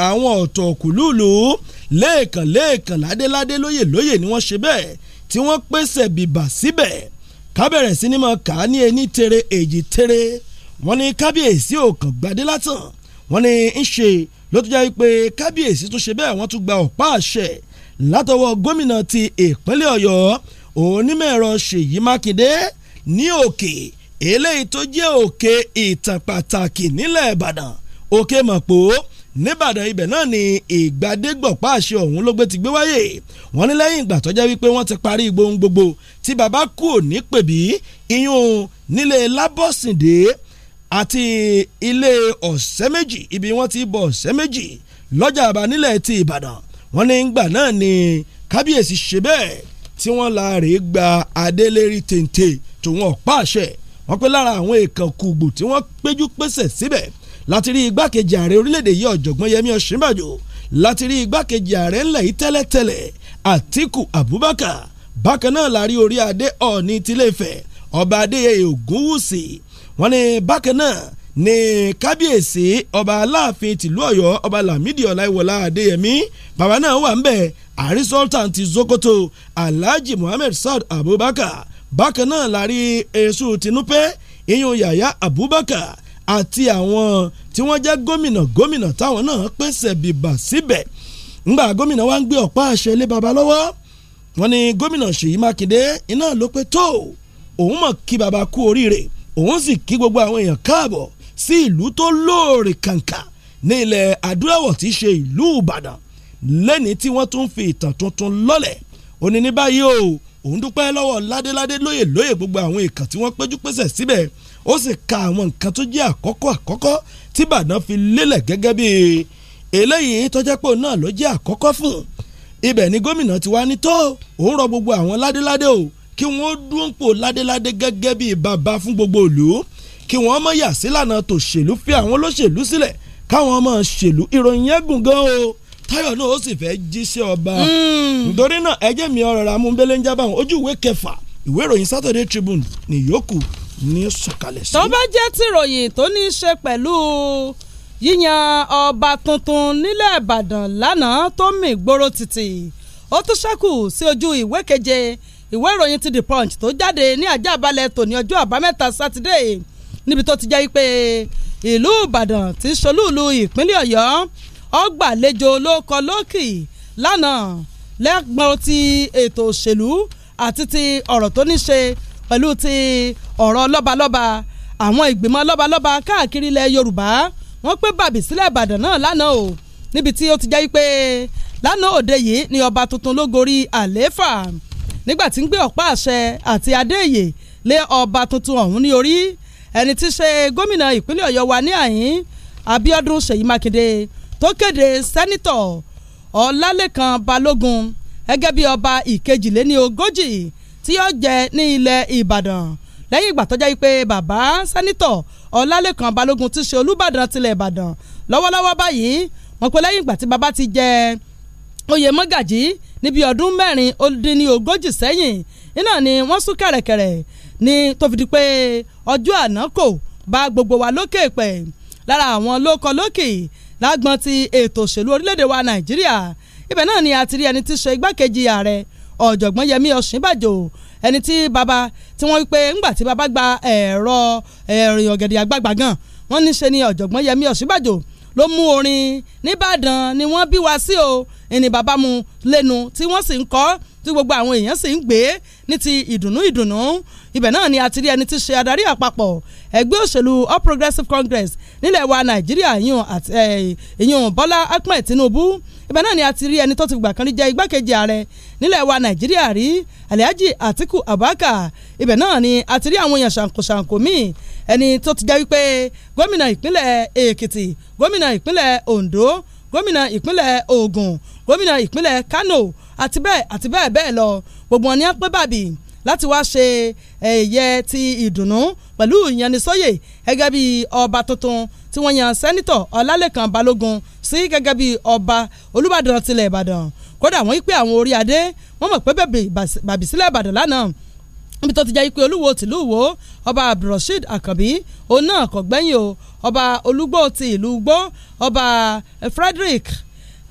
àwọn ọ̀tọ̀ kùlùlù lẹ́ẹ̀kan lẹ́ẹ̀kan ládéládé lóyè lóyè ni wọ́n ṣe bẹ́ẹ̀ tí wọ́n pèsè bìbà síbẹ̀ kábẹ̀rẹ̀ sí ni mo kà á ní ení tere èjì tere wọ́n ní kábíyèsí òkàn gbadé látàn wọ́n ní ń ṣe ló tún jẹ́ pé kábíyèsí tún ṣe bẹ́ẹ̀ wọ́n tún gba ọ̀pá àṣẹ látọwọ́ gómìnà ti ìpínlẹ̀ ọ̀yọ́ onímọ̀ ẹ̀rọ ṣèyí mákindé ní òkè eléyìí tó jẹ́ òkè ìtàn pàtàkì nílẹ̀ ìbàdàn òkè mọ̀pọ̀ nìbàdàn ibẹ̀ náà ni ìgbàdégbọ̀pá àṣẹ ọ̀hún ló gbé ti gbé wáyé wọ́n ní lẹ́yìn ìgbà tó jẹ́ wípé wọ́n ti parí gbohun gbogbo tí bàbá kú ò ní pèbí iyún nílé lábọ́sìndé àti ilé ọ̀sẹ́ méjì ibi wọ́n ti bọ̀ ọ̀sẹ́ méjì lọ́jà àbá nílẹ̀ ti ìbàdàn wọ́n ní ìgbà náà ni kábíyèsí ṣe bẹ́ẹ̀ tí wọ́n la rèé gba adélérí téńté tòun ọ̀pá àṣẹ wọ́n pé lára àwọn èèkàn kùgbù tí wọ́n péjú pésẹ̀ síbẹ̀ láti rí igbákejì ààrẹ orílẹ̀-èdè yìí ọ̀jọ̀gbọ́n yẹmí ọ̀ṣínbàjò láti rí igbákejì ààrẹ ńlẹ̀ yìí tẹ́lẹ̀tẹ́lẹ̀ àtíkù abubakar bákan náà la rí orí adé ọ̀ọ́ni tiléfẹ̀ ọba adéyẹyẹ ògúnwùsì wọ́n ní bákan náà ní kábíyèsí ọba aláàfin tìlú ọ̀yọ́ ọba lámìdí ọláìwọlá adéyẹmí bàbá náà wà ńbẹ̀ àrí sultan ti zokoto alhaji muhammed saad abubakar bákan náà la rí èṣù tinúpẹ́ ìyún yàyà abubakar àti àwọn tí wọ́n jẹ́ gómìnà gómìnà táwọn náà pèsè bìbà síbẹ̀ ńgbà gómìnà wa ń gbé ọ̀pá àṣẹ lé baba lọ́wọ́ wọ́n ní gómìnà Ṣèyí Mákindé iná ló pé tó òun mọ̀ kí baba kú oríire òun sì kí gbogbo àwọn èèyàn káàbọ̀ sí ìlú tó lóòrè kàǹkà ní ilẹ̀ adúláwọ̀ tí í ṣe ìlú Ìbàdàn lẹ́ni tí wọ́n tún fi ìtàn tuntun lọ́lẹ̀ òní ní báyìí o òun dúpẹ́ lọ́wọ́ ládéládé lóyè lóyè gbogbo àwọn èèkàn tí wọ́n péjú pésẹ̀ síbẹ̀ ó sì ka àwọn nǹkan tó jẹ́ àkọ́kọ́ àkọ́kọ́ tí Ìbàdàn fi lélẹ̀ gẹ́gẹ́ bí eléyìí tọ́jẹ́ pé òun náà ló jẹ́ àkọ́kọ́ fún un ibẹ̀ ni gómìnà ti wá ní tó òun rọ gbogbo àwọn ládéládé o kí wọ́n dúnpò ládéládé gẹ́gẹ́ bí bàbá fún gbogbo ìlú kí wọ́n mọ̀ yà sílànà tòṣèlú fi àwọn olóṣèlú sílẹ̀ káwọn ọmọ ṣèlú ìròyìn yẹn gùn gan o táyọ̀ náà ó sì fẹ́ jíṣẹ́ ọba hmm. nítorí náà ẹjẹ́ mi ọ̀rọ̀ ra mú bẹ́lẹ́ ń jábàwọ̀n ojú ìwé kẹfà ìwé ìròyìn Saturday Tribune nìyókù ní sọ̀kalẹ̀ sí. tó bá jẹ́ tìròyìn tó ní í ṣe pẹ̀lú yíyan ọba tuntun nílẹ̀ ìbàdàn lánàá tó mì gbóró títì ó tún ṣẹ́kù sí ojú ìwé keje ìwé ìròyìn ti the punch tó jáde ní àjàbalẹ̀ tòní ọjọ́ àbámẹ́ta sátidé níbi tó ti jẹ́ pé ìlú ìbàdàn ti ṣolúùlú ìpínlẹ̀ ọ̀yọ́ ọgbàlejò olóko lókì lánàá lẹ́gbọ̀n ti ètò òṣèlú àti ti ọ̀rọ̀ tó ní ṣe pẹ̀lú ti ọ̀rọ̀ lọ́balọ́ba àwọn ìgbìmọ̀ lọ́balọ́ba káàkiri ilẹ̀ Yorùbá wọ́n pé bàbí sílẹ̀ Ìbàdàn náà lánàá o níbi tí ó ti jẹ́ pé lánàá òde yìí ni ọba tuntun ló gorí àlééfà nígbà tí ń gbé ọ̀pá àṣẹ àti adéyè lé ọba tuntun ọ̀hún ní orí ẹni tí í ṣe gómìnà ìpínlẹ̀ Ọ̀yọ́ wa ní àyín Abíọ́dún Ṣèyí Mákindé tó kéde sẹ́nitọ̀ Ọlálékan Balógun gẹ́gẹ́ bí ọba ìkejìléní ogójì tí yóò jẹ ní ilẹ̀ Ìbàdàn lẹ́yìn ìgbà tó jẹ́ pé bàbá sẹ́nitọ̀ Ọlálékan Balógun ti ṣe Olúbàdàn tilẹ̀ Ìbàdàn lọ́wọ́lọ́wọ́ báyìí wọ́n pe lẹ́yìn ìgbà tí bàbá ti jẹ oyè mọ́gàjì níbi ọdún mẹ́rin ó ní ogójì sẹ́yìn iná ni wọ́n sún kẹ̀rẹ̀kẹ̀rẹ̀ ní tó fi di pé ọjọ́ àná kò bá gbogbo wa lókè pẹ̀ lára àwọn lóko lókè lágbọ́n ti ètò òṣèlú orílẹ̀-èdè wa Nàìjíríà ibẹ̀ náà ni a ti ẹni tí ṣe igbákejì ààrẹ ọ̀jọ̀gbọ́n yẹmí ọ̀ṣínbàjò ẹni tí baba tí wọ́n wí ńgbà tí baba gba ẹ̀rọ ẹ̀rìn ọ̀gẹ̀dẹ̀ àgbàgbà gan wọ́n ní ṣe ni ọ̀jọ̀gbọ́n yẹmí ọ̀ṣínbàjò ló mú orin nìbàdàn ni wọ́n bí wa sí o ẹni baba mu lẹ́nu tí wọ́n sì ń kọ́ tí gbogbo àwọn èèyàn sì ń gbé ní ti ìdùnnú ìdùnnú ibẹ̀ náà ni àti rí ẹni tí ṣe adarí àpapọ̀ ẹgbẹ́ òṣèlú All Progressives Congress nílẹ̀ wa Nàìjíríà ìyún Bọ́lá Ahmed Tinubu ibẹ̀ náà ni a ti rí ẹni tó ti gbà kan rí jẹ́ igbákejì ààrẹ nílẹ̀ wa nàìjíríà rí alhaji atiku abaka ibẹ̀ náà ni a ti rí àwọn èèyàn ṣàǹkóṣàǹkó míì ẹni tó ti jẹ́ wípé gómìnà ìpínlẹ̀ èkìtì gómìnà ìpínlẹ̀ ondo gómìnà ìpínlẹ̀ ògùn gómìnà ìpínlẹ̀ kano àti bẹ́ẹ̀ àti bẹ́ẹ̀ bẹ́ẹ̀ lọ gbogbo wọn ni a pé bàbí láti wá ṣe ẹ̀yẹ eh, ti ìdùnnú pẹ̀lú ìyanisọ́yè gẹ́gẹ́ bí ọba tuntun tí wọ́n yan sẹ́nitọ̀ ọlálẹ́kan balógun sí gẹ́gẹ́ bí ọba olúbàdàn tilẹ̀ ìbàdàn kódà wọ́n yí pé àwọn orí adé wọ́n mọ̀ pé bẹ̀bẹ̀ bàbí sílẹ̀ ìbàdàn lánàá níbi tó ti jẹ́ pé olúwo tìlú wo ọba abdulrasheed akabi òun náà kò gbẹ́yìn o ọba olúgbó ti ìlú gbó ọba frederick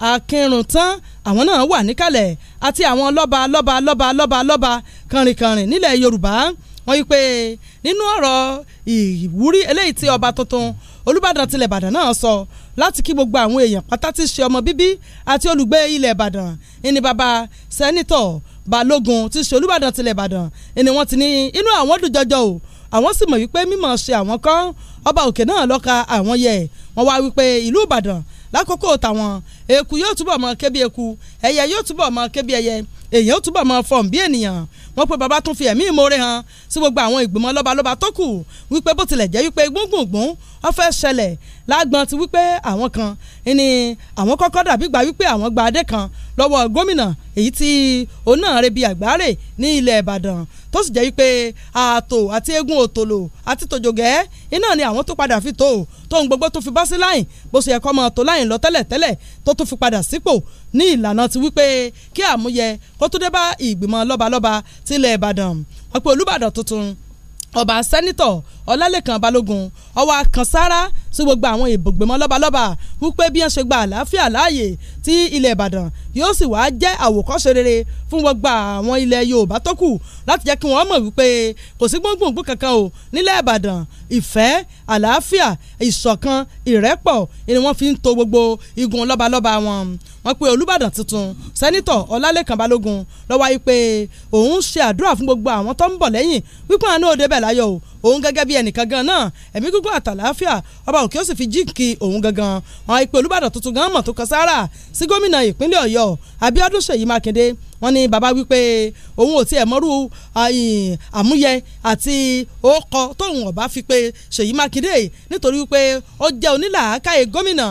akínrùntán àwọn náà wà níkàlẹ̀ àti àwọn lọ́ba lọ́ba lọ́ba lọ́ba lọ́ba kànrìnkànrìn nílẹ̀ yorùbá wọ́n yí pé nínú ọ̀rọ̀ ìwúrí eléyìí tí ọba tuntun olùbàdàn tilẹ̀ ìbàdàn náà sọ láti kí gbogbo àwọn èèyàn pátá tí ṣe ọmọ bíbí àti olùgbé ilẹ̀ ìbàdàn ìní bàbá sẹ́nitọ̀ balógun tí ṣe olùbàdàn tilẹ̀ ìbàdàn ìní wọ́n ti ní inú àwọn dùn jọjọ o àwọn sì mọ̀ wípé mímọ̀ ṣe àwọn kan ọba òkè náà lọ́ka àwọn yẹ wọ́n wá wípé ìlú ìbàdàn lákòókò tàwọn eku yóò túbọ̀ mọ kébi eku ẹyẹ yóò túbọ̀ mọ kébi ẹyẹ èèyàn ó túbọ̀ mọ fọ̀n bí ènìyàn wọ́n pe baba tún fi ẹ̀mí ìmoore hàn sí gbogbo àwọn ìgbìmọ̀ lọ́balọ́ba tó kù wípé bó tilẹ̀ jẹ́ wípé gbóngbòngbòn ọ̀fẹ́ ṣẹlẹ̀ lágbọ́n ti wípé àwọn kan ni àwọn kọ́kọ́ dàbí gba wípé àwọn gba adé kan lọ́wọ́ gómìnà èyí tí òun náà rebi àgbáre ní ilẹ̀ Ìbàdàn tó sì jẹ́ wípé ààtò àti eégún òtòlò àti tòjògẹ́ iná ni àwọn tó padà fi tó tóun gbogbo tó fi bá sí láyìn bó ṣe ẹ̀kọ́ máa tó láyìn lọ tẹ́lẹ̀tẹ́lẹ̀ tó tó fi padà sípò ní ìlànà ti wípé kí àmúyẹ kó tó dé bá ìgbìmọ̀ lọ́balọ́ba tilẹ̀ Ìbàdàn wọ́n pe Olúbàdàn tuntun ọba sẹ́nitọ̀ ọlálẹ́kan balógun ọwọ́ akànsára sí gbogbo àwọn ìbògbèmọ́ lọ́balọ́ba wípé bí wọ́n ṣe gba àlàáfíà láàyè tí ilẹ̀ ìbàdàn yóò sì wáá jẹ́ àwòkọ́ṣe rere fún gbogbo àwọn ilẹ̀ yorùbá tó kù láti jẹ́ kí wọ́n mọ̀ wípé kò sí gbóngbòngbò kankan o nílẹ̀ ìbàdàn ìfẹ́ àlàáfíà ìṣọ̀kan ìrẹ́pọ̀ ni wọ́n fi ń to gbogbo igun lọ́balọ́ba wọn wọ́n pe olùbàdàn tuntun sẹ́nitọ̀ ọlálẹ́kan balógun lọ́wọ́ yìí pé òun ṣe àdúrà fún gbogbo àwọn tó ń bọ̀ lẹ́yìn wípé àánú òde bẹ̀ láyọ̀ o òun gẹ́gẹ́ bí ẹnìkan gan náà ẹ̀mí gígùn àtàlàáfíà ọba òkè ó sì fi jíǹkì òun gangan àwọn ìpè olùbàdàn tuntun gan mọ̀ tó kan sára sí gómìnà ìpínlẹ̀ ọ̀yọ́ abíọ́dún ṣèyí mákindé wọ́n ní bàbá wípé òun ò tiẹ̀ mọ́rú àmúyẹ àti òkọ tóun ọ̀bá fi pé ṣèyí mákindé nítorí wípé ó jẹ́ onílàákàyè gómìnà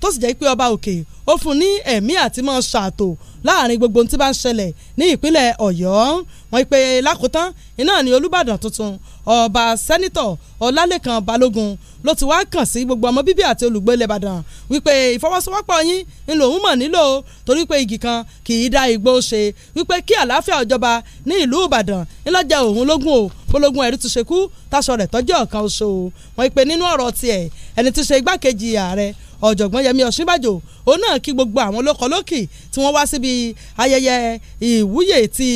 tó sì jẹ́ pé ọba òkè ó fún ní ẹ̀mí àti mọ́ ṣàtò láàrin gbogbo ohun tí bá ń ṣẹlẹ̀ ní ìpínlẹ̀ ọ̀yọ́ wọ́n pe lákòótán iná ní olùbàdàn tuntun ọba sẹ́nitọ̀ ọlálẹ́kan balógun ló ti wá kàn sí gbogbo ọmọ bíbí àti olùgbé lẹ́bàdàn wípé ìfọwọ́sowọ́pọ̀ yín ń lòun mọ̀ nílò torí pé igi kan kì í dá igbó ṣe wípé kí àlàáfíà ọjọba ní ìlú ìbàdàn ńlọ́jà òun lógún o pológun ẹ̀rí ti ṣekú táṣọ rẹ̀ tọ́jọ́ ọ̀kan oṣù wọ́n pe nínú ọ̀rọ̀ tiẹ̀ ẹni tí ṣe igbákejì ààrẹ ọ̀jọ̀gbọ́n yẹmi ọ̀ṣínbàjò òun náà kí gbogbo àwọn olókọ́lókì tí wọ́n wá síbi ayẹyẹ ìwúyè ti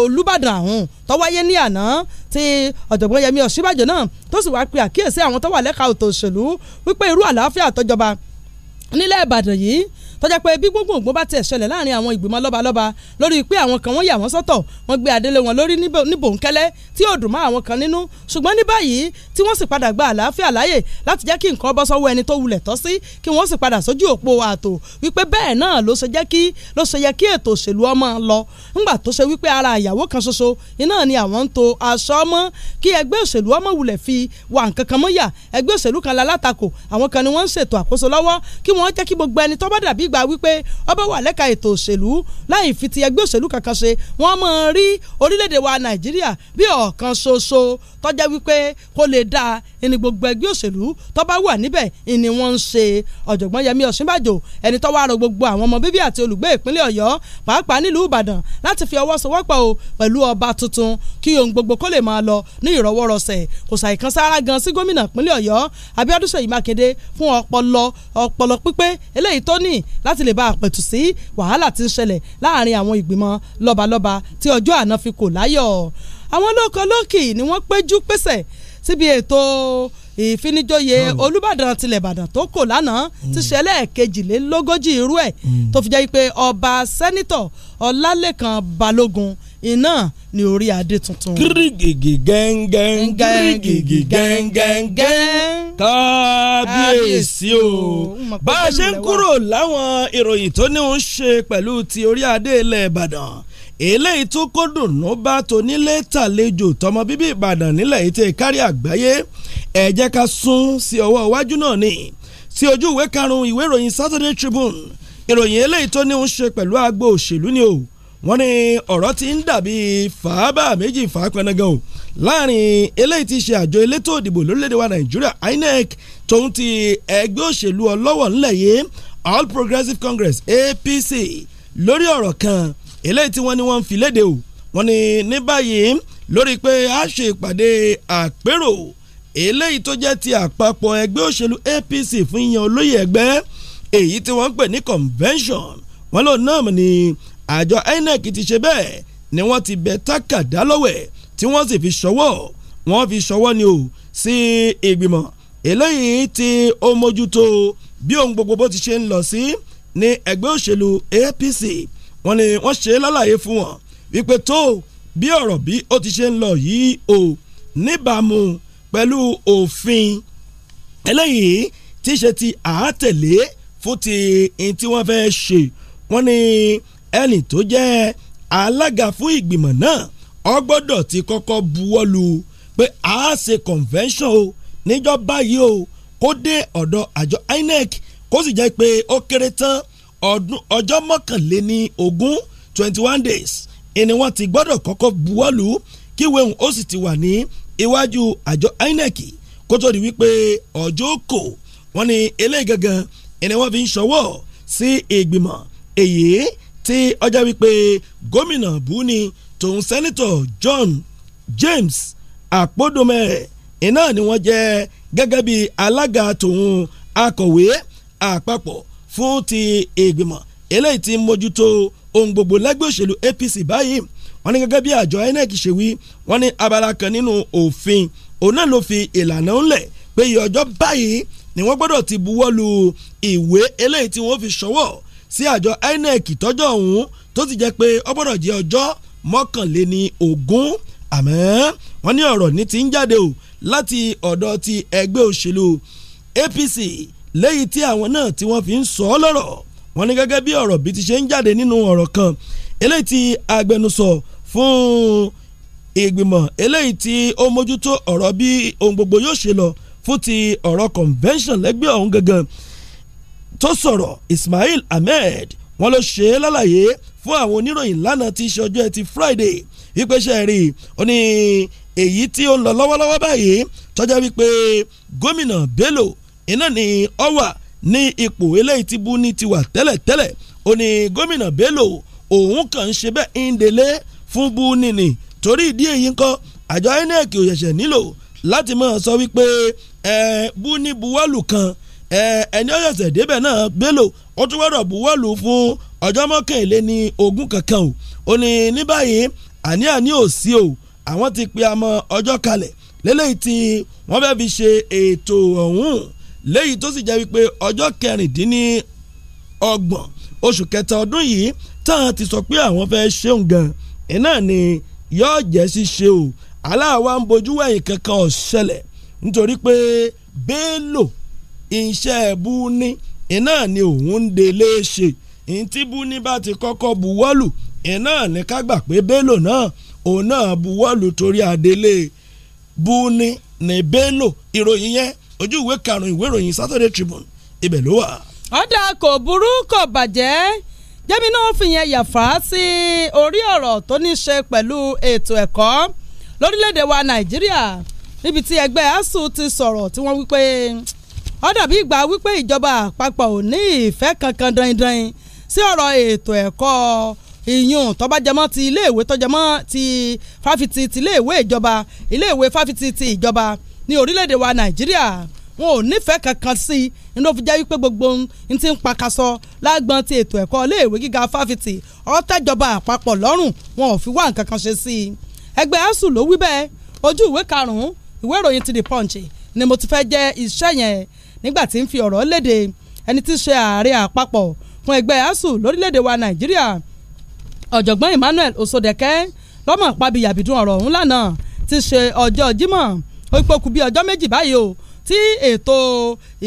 Olúbàdàn ọ̀hún tó wáyé ní àná tí ọ̀jọ̀gbọ́n Yẹmí Ọ̀ṣínbàjò náà tó sì wáá pe àkíyèsí àwọn tó wà lẹ́ka ètò òṣèlú wípé irú àlàáfíà tó jọba nílẹ̀ Ìbàdàn yìí tọ́jà pé bí gbogbo ògbó bá tẹ̀ ṣẹlẹ̀ láàrin àwọn ìgbìmọ̀ lọ́balọ́ba lórí pé àwọn kan wọ́n yà wọ́n sọ́tọ̀ wọ́n gbé adélé wọn lórí ní bòńkẹ́lẹ́ tí yóò dùn mọ́ àwọn kan nínú ṣùgbọ́n ní báyìí tí wọ́n sì padà gba àlàáfíà láàyè láti jẹ́ kí nǹkan bọ́ sọ́wọ́ ẹni tó wulẹ̀ tọ́ sí kí wọ́n sì padà sójú òpó ààtò wípé bẹ́ẹ̀ náà ló ṣe yẹ kí ètò òṣèlú ọmọ lọ ńgbà tó ṣe wípé ara ìyàwó kan ṣoṣo iná ni àwọn ń to aṣọ ọmọ kí ẹgbẹ́ òṣèlú ọmọ wulẹ̀ fi wà nǹkan kan mọ́yà ẹgbẹ́ òṣèlú kan lálátakò àwọn kan ni wọ́n ń ṣètò àkóso lọ́wọ́ kí wọ́n jẹ́ kí gbogbo ẹni tó bá dàbí gbangba wípé ọba wà lẹ́ka ètò òṣèlú láì fi ti ẹgbẹ́ òṣèlú kankan ṣe wọ́n mọ̀ ń rí orílẹ̀-èdè wa nàìjíríà bí ọ̀kan ṣoṣo tọ́jẹ́ wípé kó lè dáa ẹni gbogbo ẹgbẹ́ òṣèlú tó bá wà níbẹ̀ ni wọ́n ń ṣe ọ̀jọ̀gbọ́n Yẹmí Ọ̀ṣínbàjò ẹni tó wá rọ gbogbo àwọn ọmọ bíbí àti olùgbé ìpínlẹ̀ Ọ̀yọ́ pàápàá nílùú Ìbàdàn láti fi ọwọ́ sowọ́pọ̀ o pẹ̀lú ọba tuntun kí ohun gbogbo kó lè máa lọ ní ìrọwọ́rọsẹ̀ kò sàì kan sára gan sí gómìnà ìpínlẹ̀ Ọ̀yọ́ Abíọ́dún Ṣèyí Mákindé fún ọpọlọ ọpọlọ pípé eléyìí tó ní láti lè bá àpẹ̀tù sí wàhálà tí ń ṣẹlẹ̀ láàrin àwọn ìgbìmọ̀ lọ́balọ́ba tí ọjọ́ àná fi kò láyọ̀ àwọn lóko lókì ni wọ́n péjú pésẹ̀ síbi ètò ìfinijóye hmm. olùbàdàn tilẹ̀ ìbàdàn tó kò lánàá ti hmm. ṣẹlẹ̀ kejìlélógójì irú ẹ̀ tó fi jẹ́ pé ọba sẹ́nitọ̀ ọlálẹ́kan balógun iná ní orí adé tuntun. gírígìgì gẹ́ngẹ́n gírígìgì gẹ́ngẹ́n kábíyèsí o bá a ṣe ń kúrò láwọn ìròyìn tó ní ń ṣe pẹ̀lú ti orí adé ilẹ̀ Ìbàdàn eléyìí tó kó dùnú bá tonílé tàlejò tọmọ bíbí Ìbàdàn nílẹ̀ yìí tẹ kárí àgbáyé ẹ jẹ́ ká sún sí ọwọ́ iwájú náà ni sí ojú ìwé karùn-ún ìwé ìròyìn Saturday Tribune ìròyìn eléyìí tó ní ń ṣe pẹ̀lú agbo òṣèlú ni o wọ́n ní ọ̀rọ̀ ti ń dàbí fàábà méjì fàápẹ́nagán o láàrin eléyìí ti ṣe àjọ elétò òdìbò lórílẹ̀‐èdè wa nàìjíríà inec tòun ti ẹgbẹ́ òṣèlú ọlọ́wọ̀ ńlẹ̀ yìí all progressives congress apc lórí ọ̀rọ̀ kan eléyìí tí wọ́n ní wọ́n ń fi léde o wọ́n ní ní báyìí lórí pé a ṣe ìpàdé àpérò eléyìí tó jẹ́ ti àpapọ̀ ẹgbẹ́ òṣèlú apc fún yíyan olóyè ẹgbẹ́ èyí tí wọ́n ń pè ní convention wọ́n lò náà ní àjọ INEC ti ṣe bẹ́ẹ̀ ni wọ́n ti bẹ tákàdá lọ́wẹ̀ tí wọ́n sì fi ṣọwọ́ wọ́n fi ṣọwọ́ ni o sí ìgbìmọ̀ eléyìí tí ó mójútó bí ohun gbogbo bó ti ṣe ń lọ sí ní ẹgbẹ́ òṣèlú APC wọ́n ní wọ́n ṣe lálàyé fún wọn wípé tó bí ọ̀rọ̀ bí ó ti ṣe ń lọ yìí o níbàámu pẹ̀lú òfin eléyìí tí ṣe ti àátẹ̀lé fún ti ní tí wọ́n fẹ́ ṣe wọ́n ní. Ni ẹni tó jẹ́ alága fún ìgbìmọ̀ náà ó gbọ́dọ̀ ti kọ́kọ́ buwọ́lu pé a ṣe convention o níjọ́ báyìí o kó dé ọ̀dọ̀ àjọ INEC kó sì jẹ́ pé ó kéré tán ọjọ́ mọ́kànléní ogún twenty one days ìní wọ́n ti gbọ́dọ̀ kọ́kọ́ buwọ́lu kí wéhùn ó sì ti wà ní iwájú àjọ INEC kó tó di wípé ọjọ́ kò wọ́n ní eléyìí gangan ìní wọ́n fi ń ṣọwọ́ sí ìgbìmọ̀ èyí tí ọjọ́ wípé gómìnà buni tòun sẹ́nitọ̀ John James Àpódòmẹ́rẹ̀ iná ni wọ́n jẹ́ gẹ́gẹ́ bí alága tòun akọ̀wé àpapọ̀ fún ti ìgbìmọ̀ eléyìí ti mójútó ohun gbogbo lẹ́gbẹ́ òṣèlú APC báyìí wọ́n ní gẹ́gẹ́ bí àjọ INEC ṣe wí wọ́n ní abala kan nínú òfin òun náà ló fi ìlànà ńlẹ̀ pé iye báyìí ni wọ́n gbọ́dọ̀ ti buwọ́ lu ìwé eléyìí tí wọ́n fi ṣọwọ́ sí àjọ INEC tọ́jọ́ ọ̀hún tó ti jẹ́ pé ó gbọ́dọ̀ jẹ́ ọjọ́ mọ́kànléní ogún àmọ́ wọ́n ní ọ̀rọ̀ ní ti ń jáde o láti ọ̀dọ̀ ti ẹgbẹ́ òṣèlú APC lẹ́yìn tí àwọn náà tí wọ́n fi ń sọ ọ́ lọ́rọ̀ wọ́n ní gẹ́gẹ́ bí ọ̀rọ̀ bí ti ṣe ń jáde nínú ọ̀rọ̀ kan eléyìí tí agbẹnusọ fún ìgbìmọ̀ eléyìí tí ó mójútó ọ̀rọ̀ bí ohun gbogbo yóò ṣe lọ fún ti ọ̀rọ̀ convention lẹ́gbẹ́ ọ̀hún gangan tó sọ̀rọ̀ Ismail Ahmed wọ́n ló ṣe é lálàyé fún àwọn oníròyìn lánàá tí í ṣe ọjọ́ ẹtì Friday wípé ṣe rí i ó ní èyí tí ó ń lọ lọ́wọ́lọ́wọ́ báyìí tọ́jà wípé gómìnà Bello iná ni ó wà ní ipò eléyìí tí bú ní tiwa tẹ́lẹ̀tẹ́lẹ̀ ó ní gómìnà Bello òun kàn ń ṣe bẹ́ẹ̀ ń delé fún bú nìní torí ìdí èyí ńkọ́ àjọ INEC ò ṣẹ̀ṣẹ̀ nílò láti máa sọ wípé ẹ bú ní buwọ́lù kan ẹni ọ̀sẹ̀ débẹ̀ náà Bello ó tún gbọ́dọ̀ buwọ́lù fún ọjọ́ mọ́kànlé ní ogún kankan o ò ní ní báyìí àní àní ò sí o àwọn ti pe àmọ́ ọjọ́ kalẹ̀ lélẹ́yìí tí wọ́n fẹ́ fi ṣe ètò ọ̀hún léyìí tó sì jẹ́ wípé ọjọ́ kẹrìndínlọ́gbọ̀n oṣù kẹta ọdún yìí táwọn ti sọ pé àwọn fẹ́ ṣeun gan iná ni yóò jẹ́ ṣíṣe o aláwa ń bojú wẹ̀yìn kankan ó nítorí pé Bello iṣẹ́ búni iná ni òun ń delé ṣe ntí búni bá ti kọ́kọ́ buwọ́lù iná ní ká gbà pé Bello náà òun náà torí adelé búni ní Bello ìròyìn yẹn ojú ìwé karùn-ún ìwé ìròyìn Saturday Tribune ibẹ̀ ló wà. ọ̀dà kò burú kò bàjẹ́ fi yẹn yàfà sí orí ọ̀rọ̀ tó ní ṣe pẹ̀lú ó dàbí ìgbà wípé ìjọba àpapọ̀ ò ní ìfẹ́ kankan dandan sí ọ̀rọ̀ ètò ẹ̀kọ́ ìyún tọ́bájẹmọ́ ti iléèwé tọ́jẹmọ́ ti fáfitì ti iléèwé ìjọba iléèwé fáfitì ti ìjọba ní orílẹ̀-èdè wa nàìjíríà wọn ò nífẹ̀ẹ́ kankan sí i ní ó fi jẹ́ wípé gbogbo n ti ń pakasọ lágbọ́n ti ètò ẹ̀kọ́ iléèwé gíga fáfitì ọ̀tẹ́jọba àpapọ̀ lọ́rùn wọn ò fi wá nǹkan kan ṣe sí i ẹgbẹ́ asuu ló wí bẹ́ẹ̀ ojú ìwé karùn-ún ìwé ìròyìn ti The Punch ni mo ti fẹ́ jẹ́ iṣẹ́ yẹn nígbà tí ń fi ọ̀rọ̀ léde ẹni tí í ṣe ààrẹ àpapọ̀ fún ẹgbẹ́ asuu lórílẹ̀‐èdè wa nàìjíríà ọ̀jọ̀gbọ́n emmanuel osodeke lọ́mọ̀ pabi yàbìdún ọ̀rọ̀ ọ̀hún lánàá ti ṣe ọjọ́ jímọ̀ ó pokùn bí ọjọ́ méjì báyìí o tí ètò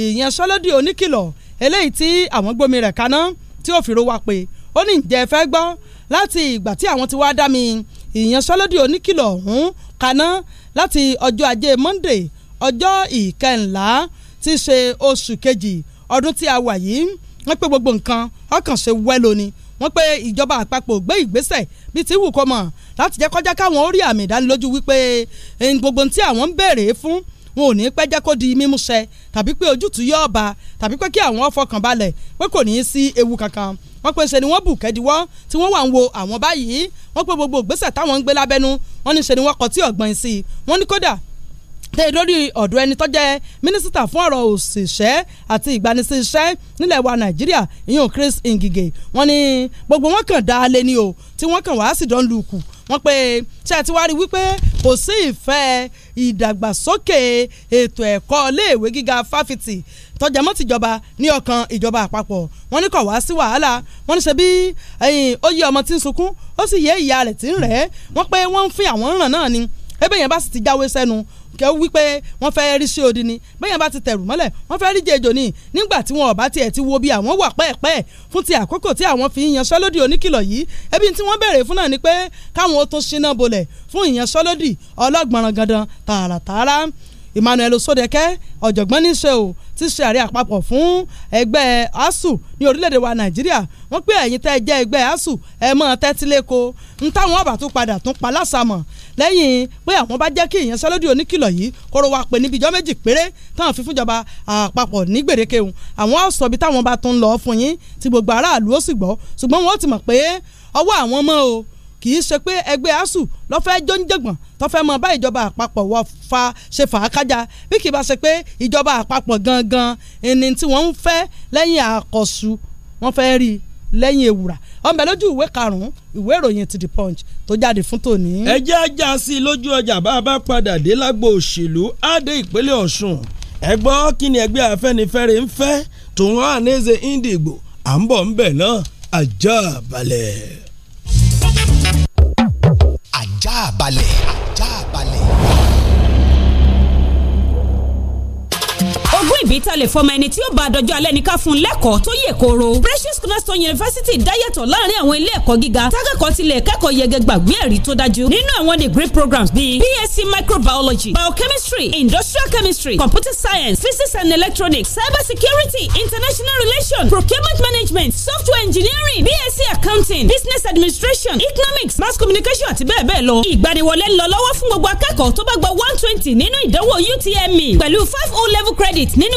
ìyanṣẹ́lódì oníkìlọ̀ eléyìí tí àwọn gbómi rẹ̀ kaná tí ó fi ro wa pé ó ní ǹjẹ́ fẹ́ gbọ́ láti ìgbà tí àwọn ti wá dá mi ìyanṣẹ́lódì oníkìlọ̀ ọ̀hún kaná láti ọjọ́ ajé monday ọjọ́ ìkẹńlá ti ṣe oṣù kejì ọdún tí a wà yìí wọ́n pé gbogbo nǹkan ọkàn ṣe wẹ́ lónìí wọ́n pé ìjọba àpapọ̀ gbé ìgbésẹ̀ bíi ti wù kó mọ̀ láti jẹ́ kọjá káwọn ó rí àmì ìdánilójú wípé eh, gbogbo tí àwọn ń béèrè fún wọn ò ní pẹ́ jẹ́ kó di mímúṣẹ tàbí pé ojútùú yóò bá tàbí pé kí àwọn fọkàn balẹ̀ pé kò ní í sí ewu kankan wọ́n pe ṣe ni wọ́n bù kẹ́díwọ́ tí wọ́n wà ń wo àwọn báyìí wọ́n pe gbogbo ìgbésẹ̀ táwọn ń gbé lábẹ́nu wọ́n ní ṣe ni wọ́n kọ tí ọ̀gbọ́n sí i ní kódà tẹ lórí ọ̀dọ̀ ẹni tó jẹ́ mínísítà fún ọ̀rọ̀ òṣìṣẹ́ àti ìgbanisíṣẹ́ nílẹ̀ wa nàìjíríà ìyún Chris Ngige wọ́n ní gbogbo wọn kàn dá a lé ní o tí wọ́n kàn wá sí dán lukù wọ́n pé ṣé ẹ ti wá rí wípé kò sí ìfẹ́ ìdàgbàsókè ètò ẹ̀kọ́ iléèwé gíga fáfitì tọjàmọ́ tìjọba ní ọkàn ìjọba àpapọ̀ wọ́n ní kò wá sí wàhálà wọ́n ní ṣe bí ó yẹ ọmọ tí ń sunkún ó sì yẹ ìyá rẹ̀ tí ń rẹ̀ wọ́n pé wọ́n ń fi àwọn ń ràn náà ni ebe yẹn bá sì ti jáwé sẹ́nu kẹ́ wípé wọ́n fẹ́ rí sí odi ni bẹ́yẹn bá ti tẹ̀rù mọ́lẹ̀ wọ́n fẹ́ rí jẹjọ ni nígbà tí wọn ọ̀bá tiẹ̀ ti wo bí àwọn wà pẹ́ẹ̀pẹ́ fún ti àkókò tí àwọn fi ìyanṣẹ́lódì oníkìlọ̀ yìí ebi tí wọ́n bẹ̀rẹ̀ fún náà ni pé káwọn ó tún ṣínà bolẹ̀ fún ìyanṣẹ́lódì ọlọ́gbọ̀nràn gandan tààràtààrà Emmanuel Osodeke ọ̀jọ̀gbọ́n níṣẹ́ o tí ṣe ààrẹ àpapọ̀ fún ẹgbẹ́ ASUU ní orílẹ̀-èdè wa Nàìjíríà wọ́n pé ẹ̀yin tẹ́ jẹ́ ẹgbẹ́ ASUU ẹ mọ́ tẹ́tíléko ń táwọn ọ̀bà tún padà tún pa lásàmọ̀ lẹ́yìn pé àwọn bá jẹ́ kí ìyanṣẹ́lódì oníkìlọ̀ yìí kóró wa pè níbi ìjọ méjì péré táwọn fi fúnjọba àpapọ̀ ní gbèdéke òun àwọn ọ̀sọ̀bi táwọn bá tún lọ fún yín tí gbogbo aráàlú ó sì gbọ́ ṣùgbọ́n wọ́n ti mọ̀ pé ọwọ́ àwọn mọ́ o kì í ṣe pé ẹgbẹ́ asuu ló fẹ́ jóńjẹ̀gbọ̀n tó fẹ́ mọ bá ìjọba àpapọ̀ wọ fa ṣe fà á kájà bí kì í bá ṣe pé ìjọba àpapọ̀ gangan ẹni tí wọ́n ń fẹ́ lẹ́yìn àkọ́sù wọ́n fẹ́ rí lẹ́yìn ewúrà ọmọ lójú ìwé karùn-ún ìwé ìròyìn ti the punch tó jáde fún tòní. ẹ jẹ́ ajá sí i lójú ọjà bá a bá padà dé lágbo òṣèlú á dé ìpínlẹ̀ ọ̀ṣun ẹ gbọ́ kí ni ẹgbẹ́ afẹ́nifẹ́re ń fẹ́ tòun hàn ní indigo à ń bọ̀ ń bẹ̀ náà ajá balẹ̀ ajá balẹ̀. tv ta lè fọmọ ẹni tí ó bá àdọ́jọ́ alẹ́ ní ká fún lẹ́kọ̀ọ́ tó yè kóró. Precious Cornerstone University dáyàtọ̀ láàrin àwọn ilé ẹ̀kọ́ gíga takẹ́kọ̀ọ́ ti lè kẹ́kọ̀ọ́ yege gbàgbé ẹ̀rí tó dájú. nínú àwọn degree programs bíi BSc microbiology biochemistry industrial chemistry computer science physics and electronics cyber security international relations procurement management software engineering BSc accounting business administration economics mass communication àti bẹ́ẹ̀ bẹ́ẹ̀ lọ. ìgbaniwọlé ń lọ lọ́wọ́ fún gbogbo akẹ́kọ̀ọ́ tó bá gba one twenty nínú ìdánwò UTME pẹ̀lú five o level credit nínú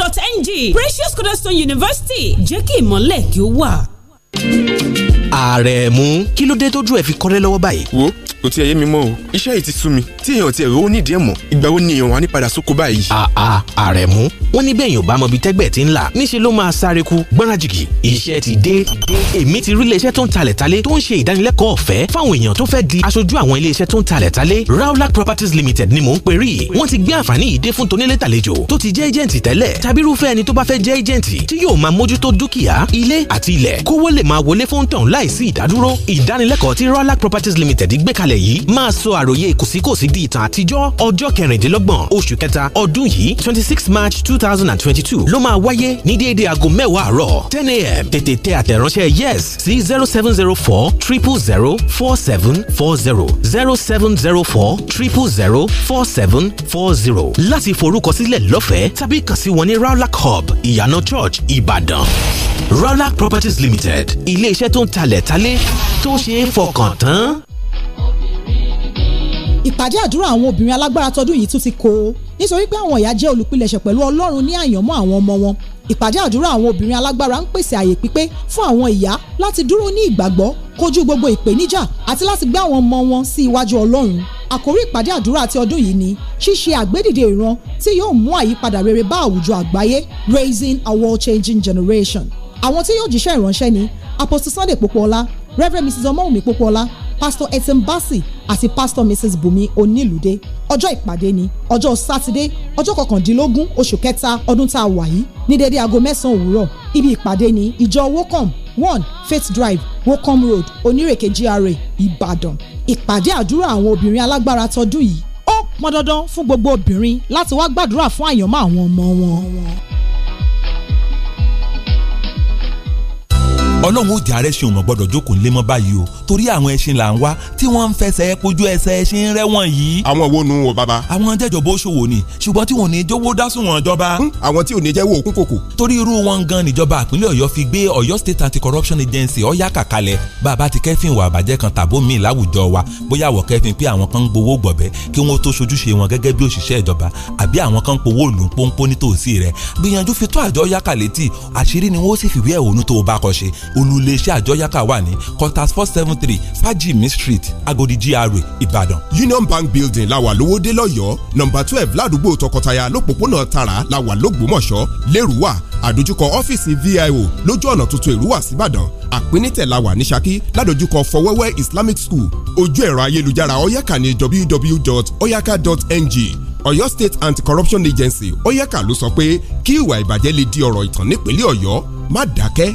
edu.ng Precious Cornerstone University jẹ́ kí ìmọ̀lẹ̀ kí ó wà. ààrẹ mú kí ló dé tójú ẹ fi kọ́rẹ́ lọ́wọ́ báyìí kò tiẹ̀ yé mi mọ́ o iṣẹ́ yìí ti sú mi tí èèyàn tiẹ̀ rówó nídìí ẹ̀ mọ́ ìgbà wo ni èèyàn wà ní padà sóko báyìí. àà àrẹ̀mú wọn níbẹ̀ yóò bá mọbi tẹ́gbẹ̀ tí ń là níṣẹ́ ló máa sáré ku gbọ́nrajìkì iṣẹ́ ti dé èmi ti rí iléeṣẹ́ tó ń talẹ̀ talé tó ń ṣe ìdánilẹ́kọ̀ọ́ ọ̀fẹ́ fáwọn èèyàn tó fẹ́ di aṣojú àwọn iléeṣẹ́ tó ń talẹ̀ talé Raulac Properties Limited ni mò ń perí wọ́n ti gbé àǹfààní yìí dé fún tonílé tàlejò tó ti jẹ́ ẹjẹ̀ǹtì tẹ́lẹ̀ tàbí irúfẹ́ ẹni tó bá fẹ́ jẹ́ ẹjẹ̀ǹtì tí yóò máa mójútó dúkìá ilé àti ilẹ̀ Properties Limited gbé kalẹ̀ ìgbékalẹ̀ yìí máa sọ àròyé kòsíkòsí di ìtàn àtijọ́ ọjọ́ kẹrìndínlọ́gbọ̀n oṣù kẹta ọdún yìí twenty six march two thousand and twenty two ló máa wáyé ní déédéé aago mẹ́wàá àárọ̀ ten a.m. tètè tẹ àtẹ̀ránṣẹ́ yes sí zero seven zero four triple zero four seven four zero zero seven zero four triple zero four seven four zero láti forúkọsílẹ̀ lọ́fẹ̀ẹ́ tàbí kàn sí wọn ní Rawlac Hub ìyànà church Ìbàdàn Rawlac Properties Limited ilé iṣẹ́ tó ń talẹ̀ talé tó ṣe é fọkàn tán ìpàdé àdúrà àwọn obìnrin alágbára tọdún yìí tún ti kó o nítorí pé àwọn ìyá jẹ́ olùpilẹ̀ṣẹ̀ pẹ̀lú Ọlọ́run ní àyànmọ́ àwọn ọmọ wọn ìpàdé àdúrà àwọn obìnrin alágbára ń pèsè àyè pípé fún àwọn ìyá láti dúró ní ìgbàgbọ́ kojú gbogbo ìpèníjà àti láti gbé àwọn ọmọ wọn sí iwájú Ọlọ́run àkórí ìpàdé àdúrà ti ọdún yìí ni ṣíṣe àgbédìde ìran tí yóò mú àyípadà rere bá àwùjọ àgbáyé raising a world changing generation àwọn tí yóò jíṣẹ́ ìránṣẹ́ ni Apostle Sunday Popoola Reverend Mrs. Ọmọ́wùmí Popoola Pastor Etin Bassey àti Pastor mrs bùnmi onílùdé ọjọ́ ìpàdé ni ọjọ́ sátidé ọjọ́ kọkàndínlógún oṣù kẹta ọdún tá a wà yìí ní dédé aago mẹ́sàn-án òwúrọ̀ ibi ìpàdé ni ìjọ wocom one faith drive wocom road onírèké GRA ìbàdàn ìpàdé àdúrà àwọn obìnrin alágbára tọdún yìí ó pọn dandan fún gbogbo obìnrin láti wá gbàdúrà fún àyànmọ́ àwọn ọmọ wọn. ọlọ́run ó jẹ́ àrẹ́sìn ọmọ gbọ́dọ̀ jókòó ńlẹ́ mọ́ báyìí o torí àwọn ẹṣin là ń wá tí wọ́n ń fẹsẹ̀ kojú ẹsẹ̀ ẹṣin rẹ́wọ̀n yìí. àwọn wo nu wo bàbá. àwọn jẹjọ bó ṣòwò ni ṣùgbọ́n tí wọn ò ní jówó dásùn wọn jọba. àwọn tí ò ní jẹ́ wo òkú kòkò. torí irú wọn gan níjọba àpínlẹ̀ ọ̀yọ́ fi gbé ọ̀yọ́ state anti-corruption agency ọ̀yá kàkalẹ̀ bàbá ti kẹ́fìn wà bàjẹ́ kan tàbó mi láwùjọ wa bóyá àwọ̀ kẹ́fìn pé àwọn kan ń gbowó gbọ̀bẹ́ kí wọ́n tó ṣojúṣe wọn gẹ́gẹ́ bí òṣìṣẹ́ ìjọba àbí àwọn kan ń powó lù ń pọ́npọ́n nítòsí rẹ̀ gbìyànjú fi tó àjọ yákà létí àṣírí ni wọ́n sì fìwé ẹ̀hónú tó o bá kọ ṣe olùléṣẹ́ àjọ yákà wà ní quarters four seven three fajimi street agodi gra ìbàdàn. union bank building làwà lówódé lọ́yọ́ọ́ nọ́mbà twelve ládùúgbò tọkọtaya lọ́pọ̀pọ̀nà tara làwà lógbómọ̀ṣọ́ lẹ́rùwà àdójúkọ ọ́fíìsì vio lójú ọ̀nà tuntun ìrúwà síbàdàn àpínítẹ̀ làwà ní ṣakí ládojúkọ fọwẹ́wẹ́ islamic school ojú ẹ̀rọ ayélujára oyaka ní www.oyaka.ng ọ̀yọ́ state anti-corruption agency oyaka ló sọ pé kí ìwà ìbàjẹ́ lè di ọ̀rọ̀ ìtàn nípínlẹ̀ ọ̀yọ́ má dákẹ́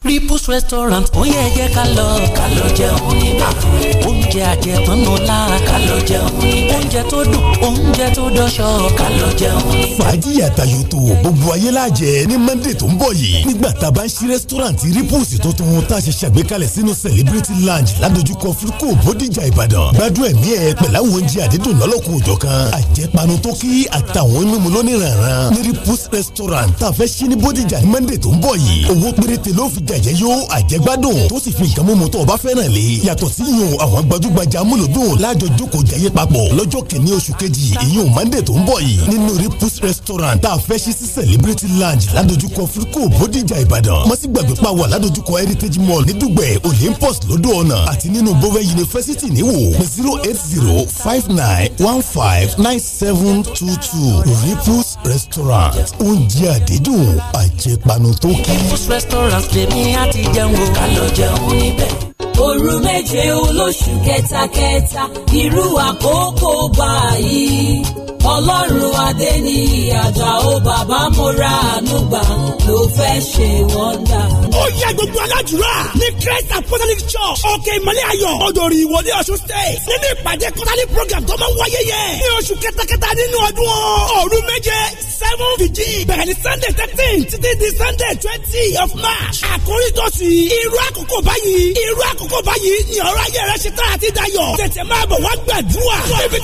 People's Restaurant ó yẹ jẹ́ ká lọ. ká lọ jẹun níbẹ̀. oúnjẹ àjẹpọ́nú la. ká lọ jẹun níbẹ̀. oúnjẹ tó dùn oúnjẹ tó dọ́ṣọ. ká lọ jẹun níbẹ̀. fàájì àtàyò tó gbogbo ayé la jẹ ní Monday tó ń bọ̀ yìí. nígbà tá a bá ń ṣí restaurant Ripples tuntun tá a ṣe ṣàgbékalẹ̀ sínú Celebrity Lounge ládojúkọ Fúlùkù Bódìjà Ìbàdàn. gbádùn ẹ̀mí ẹ̀ pẹ̀láwọn oúnjẹ àdídùn lọ́lọ́kùn òjọ̀kan. Restaurant tá a fẹ́ ṣí ní Bódìjà ní Monday jàjẹyó àjẹgbádùn tó sì fi nǹkan mímu tó o bá fẹ́ràn lé yàtọ̀ sí yun àwọn gbajúgbajà amúlòdùn lájọ jókòó jẹyé papọ̀ lọ́jọ́ kìíní oṣù kejì ìyún monday tó ń bọ̀ yìí nínú ripus restaurant tá a fẹ́ sí sí celebrity lounge ládojúkọ fúlùkù bódìjà ìbàdàn mọ́sí gbàgbé pa wà ládojúkọ heritage mall ní dùgbẹ̀ olympus lọ́dọ̀ ọ̀nà àti nínú bowe university níwò zero eight zero five nine one five nine seven two two ripus restaurant oúnjẹ àdídùn àjẹpanu tó kí. Fifth restaurant lèmi àti jẹun o. Ká lọ jẹun níbẹ̀ òru méje olóṣù kẹtakẹta irú àkókò báyìí ọlọ́run adé ní ìyàjà ó bàbá mo ra àánú gbà ló fẹ́ ṣe wọ́ndà. ó yẹ gbogbo aládùúrà ní christ apostolic church òkè ìmọ̀lẹ́ ayọ̀ ọ̀dọ̀rì ìwọlé ọ̀ṣun state nínú ìpàdé kọ́tàlí program tó máa ń wáyé yẹn ní oṣù kẹtàkẹtà nínú ọdún òru méje seven vigil bẹ̀rẹ̀ ní sunday thirteen títí di sunday twenty of march àkórí tó sì irú àkókò báyìí irú àkókò báyìí ni ọ̀rọ̀ ayé rẹ̀ ṣe tá àti dayọ̀ tètè máa bọ̀ wá gbàdúrà níbi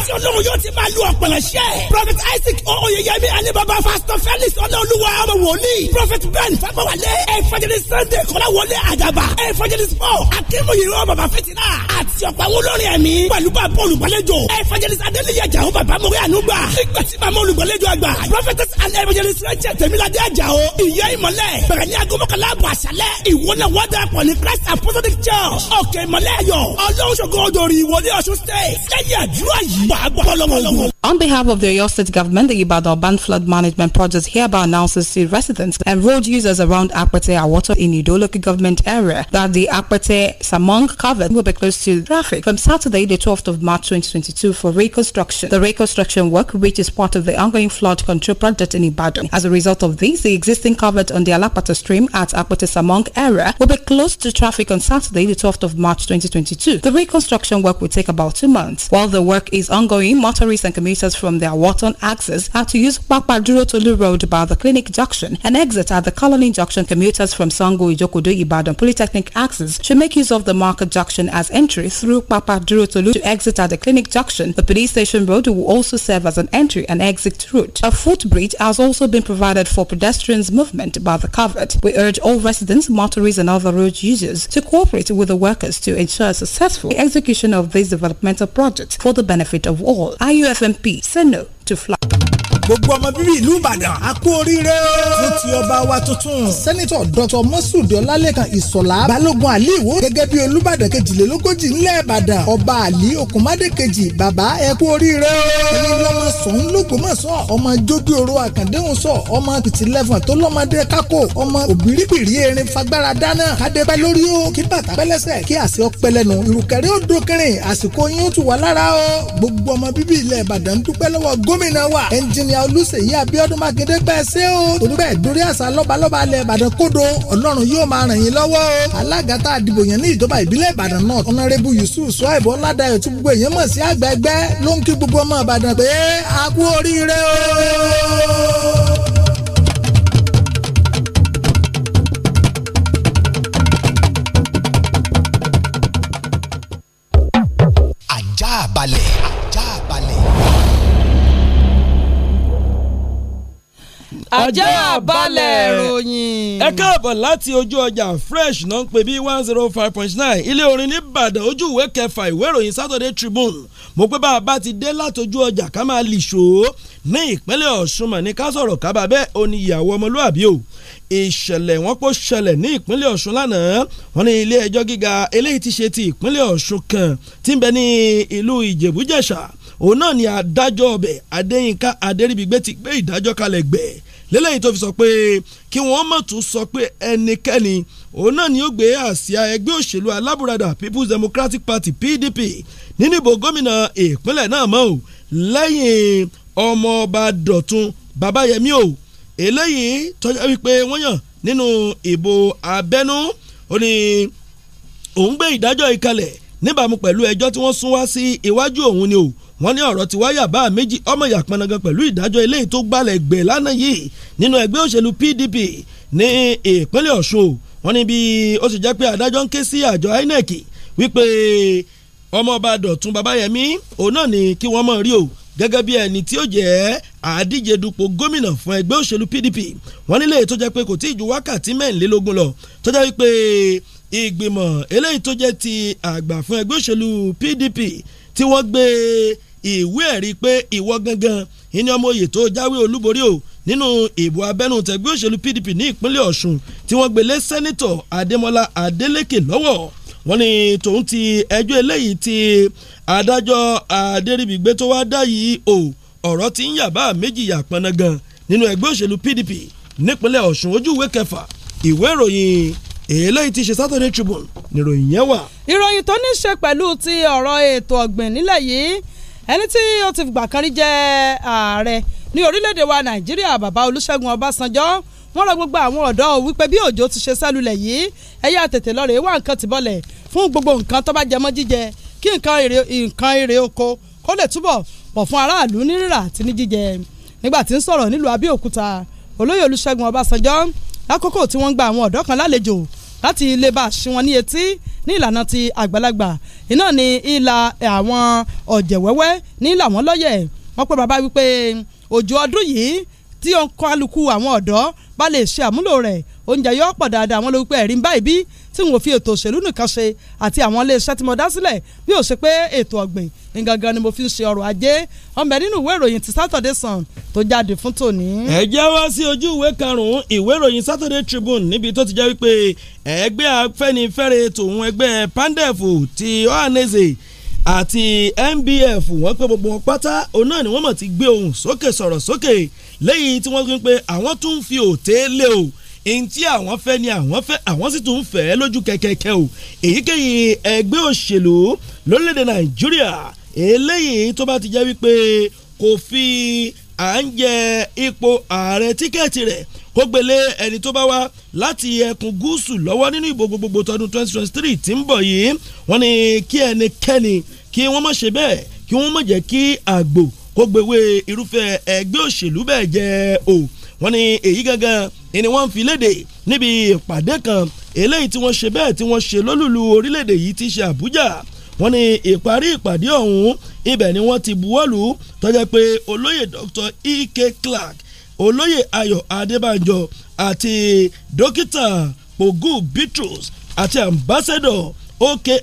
prophet isaac oyeyemi oh, oh, alibaba pastor felix ọlọ́ọ̀lùwà ọmọ wòlíì prophet ben fagbawale evangelist sunday kọ́láwọlé àdàbà evangelist paul akínmọ̀yẹ̀wò ọmọ bàbá fìtínà àti ọ̀pọ̀ àwọn olórin ẹ̀mí pẹ̀lú bàbá olùgbàlejò evangelist adélíyà jàó bàbá mọ̀rẹ́ ànúgbà nígbà tí bàbá olùgbàlejò àgbà prophetess and evangelist rachel tẹ̀míládé àjàó ìyá ìmọ̀lẹ̀ bẹ̀rẹ̀ ní agomọ̀kànlá àbọ̀ àṣálẹ̀ ìwọ náà wá darapọ̀ ní christ apostolic church ọ̀kẹ́ ìmọ̀lẹ̀ ayọ̀ ọlọ́run ṣògo odò rí ìwọlé ọ̀ṣun state lẹ́yìn àdúrà yìí wàá gbọ́ lọ́wọ́ lọ́wọ́. On behalf of the Oyo State Government, the Ibadan Urban Flood Management Project hereby announces to residents and road users around Akpate Water in Ido local government area that the Akpate Samong Covered will be closed to traffic from Saturday, the 12th of March 2022 for reconstruction. The reconstruction work, which is part of the ongoing flood control project in Ibadan. As a result of this, the existing covered on the Alapata stream at Akpate Samong area will be closed to traffic on Saturday, the 12th of March 2022. The reconstruction work will take about two months. While the work is ongoing, motorists and commuters from their Wharton axis are to use Papaduro Tolu Road by the Clinic Junction and exit at the Colony Junction. Commuters from Sango Ijokodo Ibadan Polytechnic axis should make use of the Market Junction as entry through Papaduro Tolu to exit at the Clinic Junction. The police station road will also serve as an entry and exit route. A footbridge has also been provided for pedestrians' movement by the covered. We urge all residents, motorists and other road users to cooperate with the workers to ensure successful execution of this developmental project for the benefit of all. IUFMP P. Send to fly. gbogbo ọmọ bíbí ìlú ìbàdàn a kú oríire o. fún ti ọba wa tuntun. sẹ́nitọ̀ dr mọ́sùdì ọlálẹ́kan ìsọ̀lá balógun aliwo gẹ́gẹ́ bí olùbàdàn kejìlélógójì ńlẹ̀ ìbàdàn ọba àlí òkùnmádé kejì bàbá ẹ kú oríire o. ẹni lọ́mọ sọ̀hún lógbòmọ̀sọ ọmọ jójú oró àkàndéhùn sọ ọmọ tìtìlẹ́fọ̀n tó lọ́mọdé kákò ọmọ òbíríbìrí erin fagbára dáná kádẹ́pẹ́ lórí o kí bàtà pẹ́lẹ́sẹ̀ kí àṣẹ ọpẹ́ lẹ́nu ìrùkẹ̀rẹ́ odò kẹrin àsìkò yín ó tù wá lára o gbogbo ọmọ bíbí ilẹ̀ ìbàdàn dúpẹ́ lọ́wọ́ gómìnà wa ẹnjìnì ìyá olùsèyí abíọ́dún mákindé pẹ́ ṣé o torí bẹ́ẹ̀ àṣà lọ́balọ́ba alẹ́ ìbàdàn kódo ọlọ́run yóò máa ràn yín lọ́wọ́ o alága tá a dìbò yàn ní ìjọba ìbílẹ̀ ìbàdàn náà ọ̀nàrẹ́bù yusuf suwaib ọ̀làdàyọ̀ tí gbogbo èèyàn mọ̀ sí àgbà ló ń kí gbogbo ọmọ ìbàdàn pé a kú oríire o. balẹ̀. ajá balẹ̀. ajá balẹ̀ ròyìn. ẹ káàbọ̀ láti ojú ọjà fresh náà ń pè bí one zero five point nine ilé orin nìbàdàn ojú ìwé kẹfà ìwé ìròyìn saturday tribune mo pé bá a bá ti dé látọjú ọjà ká máa lè ṣòó ní ìpínlẹ̀ ọ̀ṣun mọ̀ ní ká sọ̀rọ̀ kábà bẹ́ẹ̀ ó ní ìyàwó ọmọlúàbí o ìṣẹ̀lẹ̀ wọn kò ṣẹlẹ̀ ní ìpínlẹ̀ ọ̀ṣun lánàá wọn ní ilé ẹjọ́ gíga eléyìí ti ṣe ti ìpínlẹ̀ ọ̀ṣun kan tí ń bẹ ní ìlú ìjẹ̀bújẹ̀ṣà òun náà ni adájọ́ ọbẹ̀ adéyínká adéríbigbé ti gbé ìdájọ́ kalẹ̀ gbẹ̀ẹ́ lélẹ́yìí tó fi sọ pé kí wọ́n mọ̀ tún sọ pé ẹnikẹ́ni òun náà ni ó gbé àsíá ẹgbẹ́ òṣèlú alábùradà People's Democratic Party PDP nínú ìbò gómìnà ìpínlẹ̀ náà mọ́ ò lẹ́yìn ọmọọba Dọ̀tun Babayẹmí o eléyìí tọ́jà wípé wọ́n yàn nínú ìbò abẹ́nú ó ní òun gbé ìdájọ́ ìkalẹ̀ níbàámu pẹ̀lú ẹjọ́ tí wọ́n sún wá sí iwájú òun ni o wọ́n ní ọ̀rọ̀ ti wáyà bá méjì ọmọ ìyá panagan pẹ̀lú ìdájọ́ eléyìí tó gbalẹ̀ gbẹ̀ lánàá yìí nínú ẹgbẹ́ òṣèlú PDP ní ìpínlẹ̀ Ọ̀ṣun wọ́n ní bí ó sì jẹ́ pé adájọ́ ń ké sí àjọ INEC wípé ọmọọba Dọ̀tun Babayẹmí òun náà ni kí wọ́n mọ̀ rí o gẹ́gẹ́ bí ẹni tí ó jẹ́ àdíje dupò gómìnà fún ẹgbẹ́ òṣèlú PDP wọ́n nílé tó jẹ́ pé kò tí ì ju wákàtí mẹ́rìnlélógún lọ tó jẹ́ wípé ìgbìmọ̀ eléyìí tó jẹ́ ti àgbà fún ẹgbẹ́ òṣèlú PDP tí wọ́n gbé e ìwé ẹ̀rí pé ìwọ gangan ìní ọmọ oyè tó jáwé olúborí o nínú ìbò abẹ́nú tẹ̀gbẹ́ òṣèlú PDP ní ìpínlẹ̀ Ọ̀ṣun tí wọ́n gbélé sẹ́nitọ̀ Adémọ́lá Adélékè lọ́wọ́ wọ́n ní tòun ti ẹjọ́ eléyìí ti adájọ́ Adéríbigbé tó wá dá yìí o ọ̀rọ̀ ti ń yàbá méjì yà pọnà gan nínú ẹgbẹ́ òṣèlú PDP nípínlẹ̀ Ọ̀ṣun ojú ìwé kẹfà ìwé ìròyìn eléyìí ti ṣe Saturday Tribune níròyìn yẹn wà. ìròyìn tó ní ṣe pẹ̀lú ti ọ̀rọ̀ ètò ọ̀gbìn nílẹ̀ yìí ẹni tí ó ti fìgbà kan rí jẹ́ ààrẹ ní orílẹ̀-èdè wa nàìjíríà bàbá olúṣẹ́gun ọbásanjọ́ wọ́n rọ gbogbo àwọn ọ̀dọ́ wípé bí òjò ti ṣe sálulẹ̀ yìí ẹ̀yà tètè lọ rèé wá nǹkan ti bọ́lẹ̀ fún gbogbo nǹkan tó bá jẹmọ́ jíjẹ kí nǹkan èrè oko kó lè túbọ̀ pọ̀ fún aráàlú ní rírà àti ní jíjẹ nígbà tí ń sọ̀rọ̀ nílùú abẹ́òkúta olóyè olúṣẹ́gun ọbásanjọ́ lákòókò tí wọ́n ń gba àwọn ọ̀dọ́ kan lálejò láti lè bá sí ní etí ní ìlànà ti àgbàlagbà iná ni ìlà àwọn ọ̀jẹ̀ wẹ́wẹ́ ní làwọn lọ́yẹ̀ wọ́n pé bàbá wípé òjò ọdún yìí tí ó ń kọ́ alùkù àwọn ọ̀dọ́ bá lè ṣe àmúlò rẹ̀ oúnjẹ yóò pọ̀ dáadáa wọn ló wípé ẹ̀rí ń báyìí bí tí n ò fi ètò òṣèlú nìkan ṣe àti àwọn iléeṣẹ́ tí mo dá sílẹ̀ bí ó ṣe pé ètò ọ̀gbìn ngangan ni mo fi ń ṣe ọrọ̀ ajé ọmọ nínú ìwé ìròyìn ti Saturday Sun tó jáde fún tòní. ẹ jẹ́ wá sí ojú ìwé karùn-ún ìwé ìròyìn Saturday Tribune níbi tó ti jẹ́ wípé ẹgbẹ́ Afẹ́nifẹ́re tòun ẹgbẹ́ PANDEF ti Ohanaeze àti NBF wọ́n pé gbogbo wọn pátá òun náà ni wọ́n mọ̀ ti gbé ohùn sókè sọ̀rọ̀ sókè lẹ́yìn tí wọ́n fi ń pe àwọn tún ń fi òté lé o. So n tí àwọn fẹ́ ni àwọn fẹ́ àwọn sì tún fẹ́ lójú kẹ̀kẹ́kẹ́ o èyíkéyìí ẹgbẹ́ òṣèlú lórílẹ̀‐èdè nàìjíríà eléyìí tó bá ti jẹ́ wípé kò fi à ń jẹ ipò ààrẹ tíkẹ́ẹ̀tì rẹ̀ kó gbélé ẹni tó bá wá láti ẹkùn gúúsù lọ́wọ́ nínú ìbò gbogbogbò tọdún 2023 tí ń bọ̀ yìí wọ́n ní kí ẹnikẹ́ni kí wọ́n má ṣe bẹ́ẹ̀ kí wọ́n má jẹ́ kí àgbò kó gbéwé irúfẹ́ ẹgbẹ́ òṣèlú bẹ́ẹ̀ jẹ́ o wọ́n ní èyí gangan ni wọ́n fi léde níbi ìpàdé kan eléyìí tí wọ́n ṣe bẹ́ẹ̀ tí wọ́n ṣe lólùlù orílẹ̀-èdè yìí ti ṣe Àbújá wọ́n ní ìparí ìpàdé ọ̀hún ibẹ̀ ni wọ́n ti buwọ́lù tó pé olóyè Dr. E.K. Clark olóyè Ayọ̀ Adébánjọ àti dókítà Pogu Bitrus àti ambassador O.K.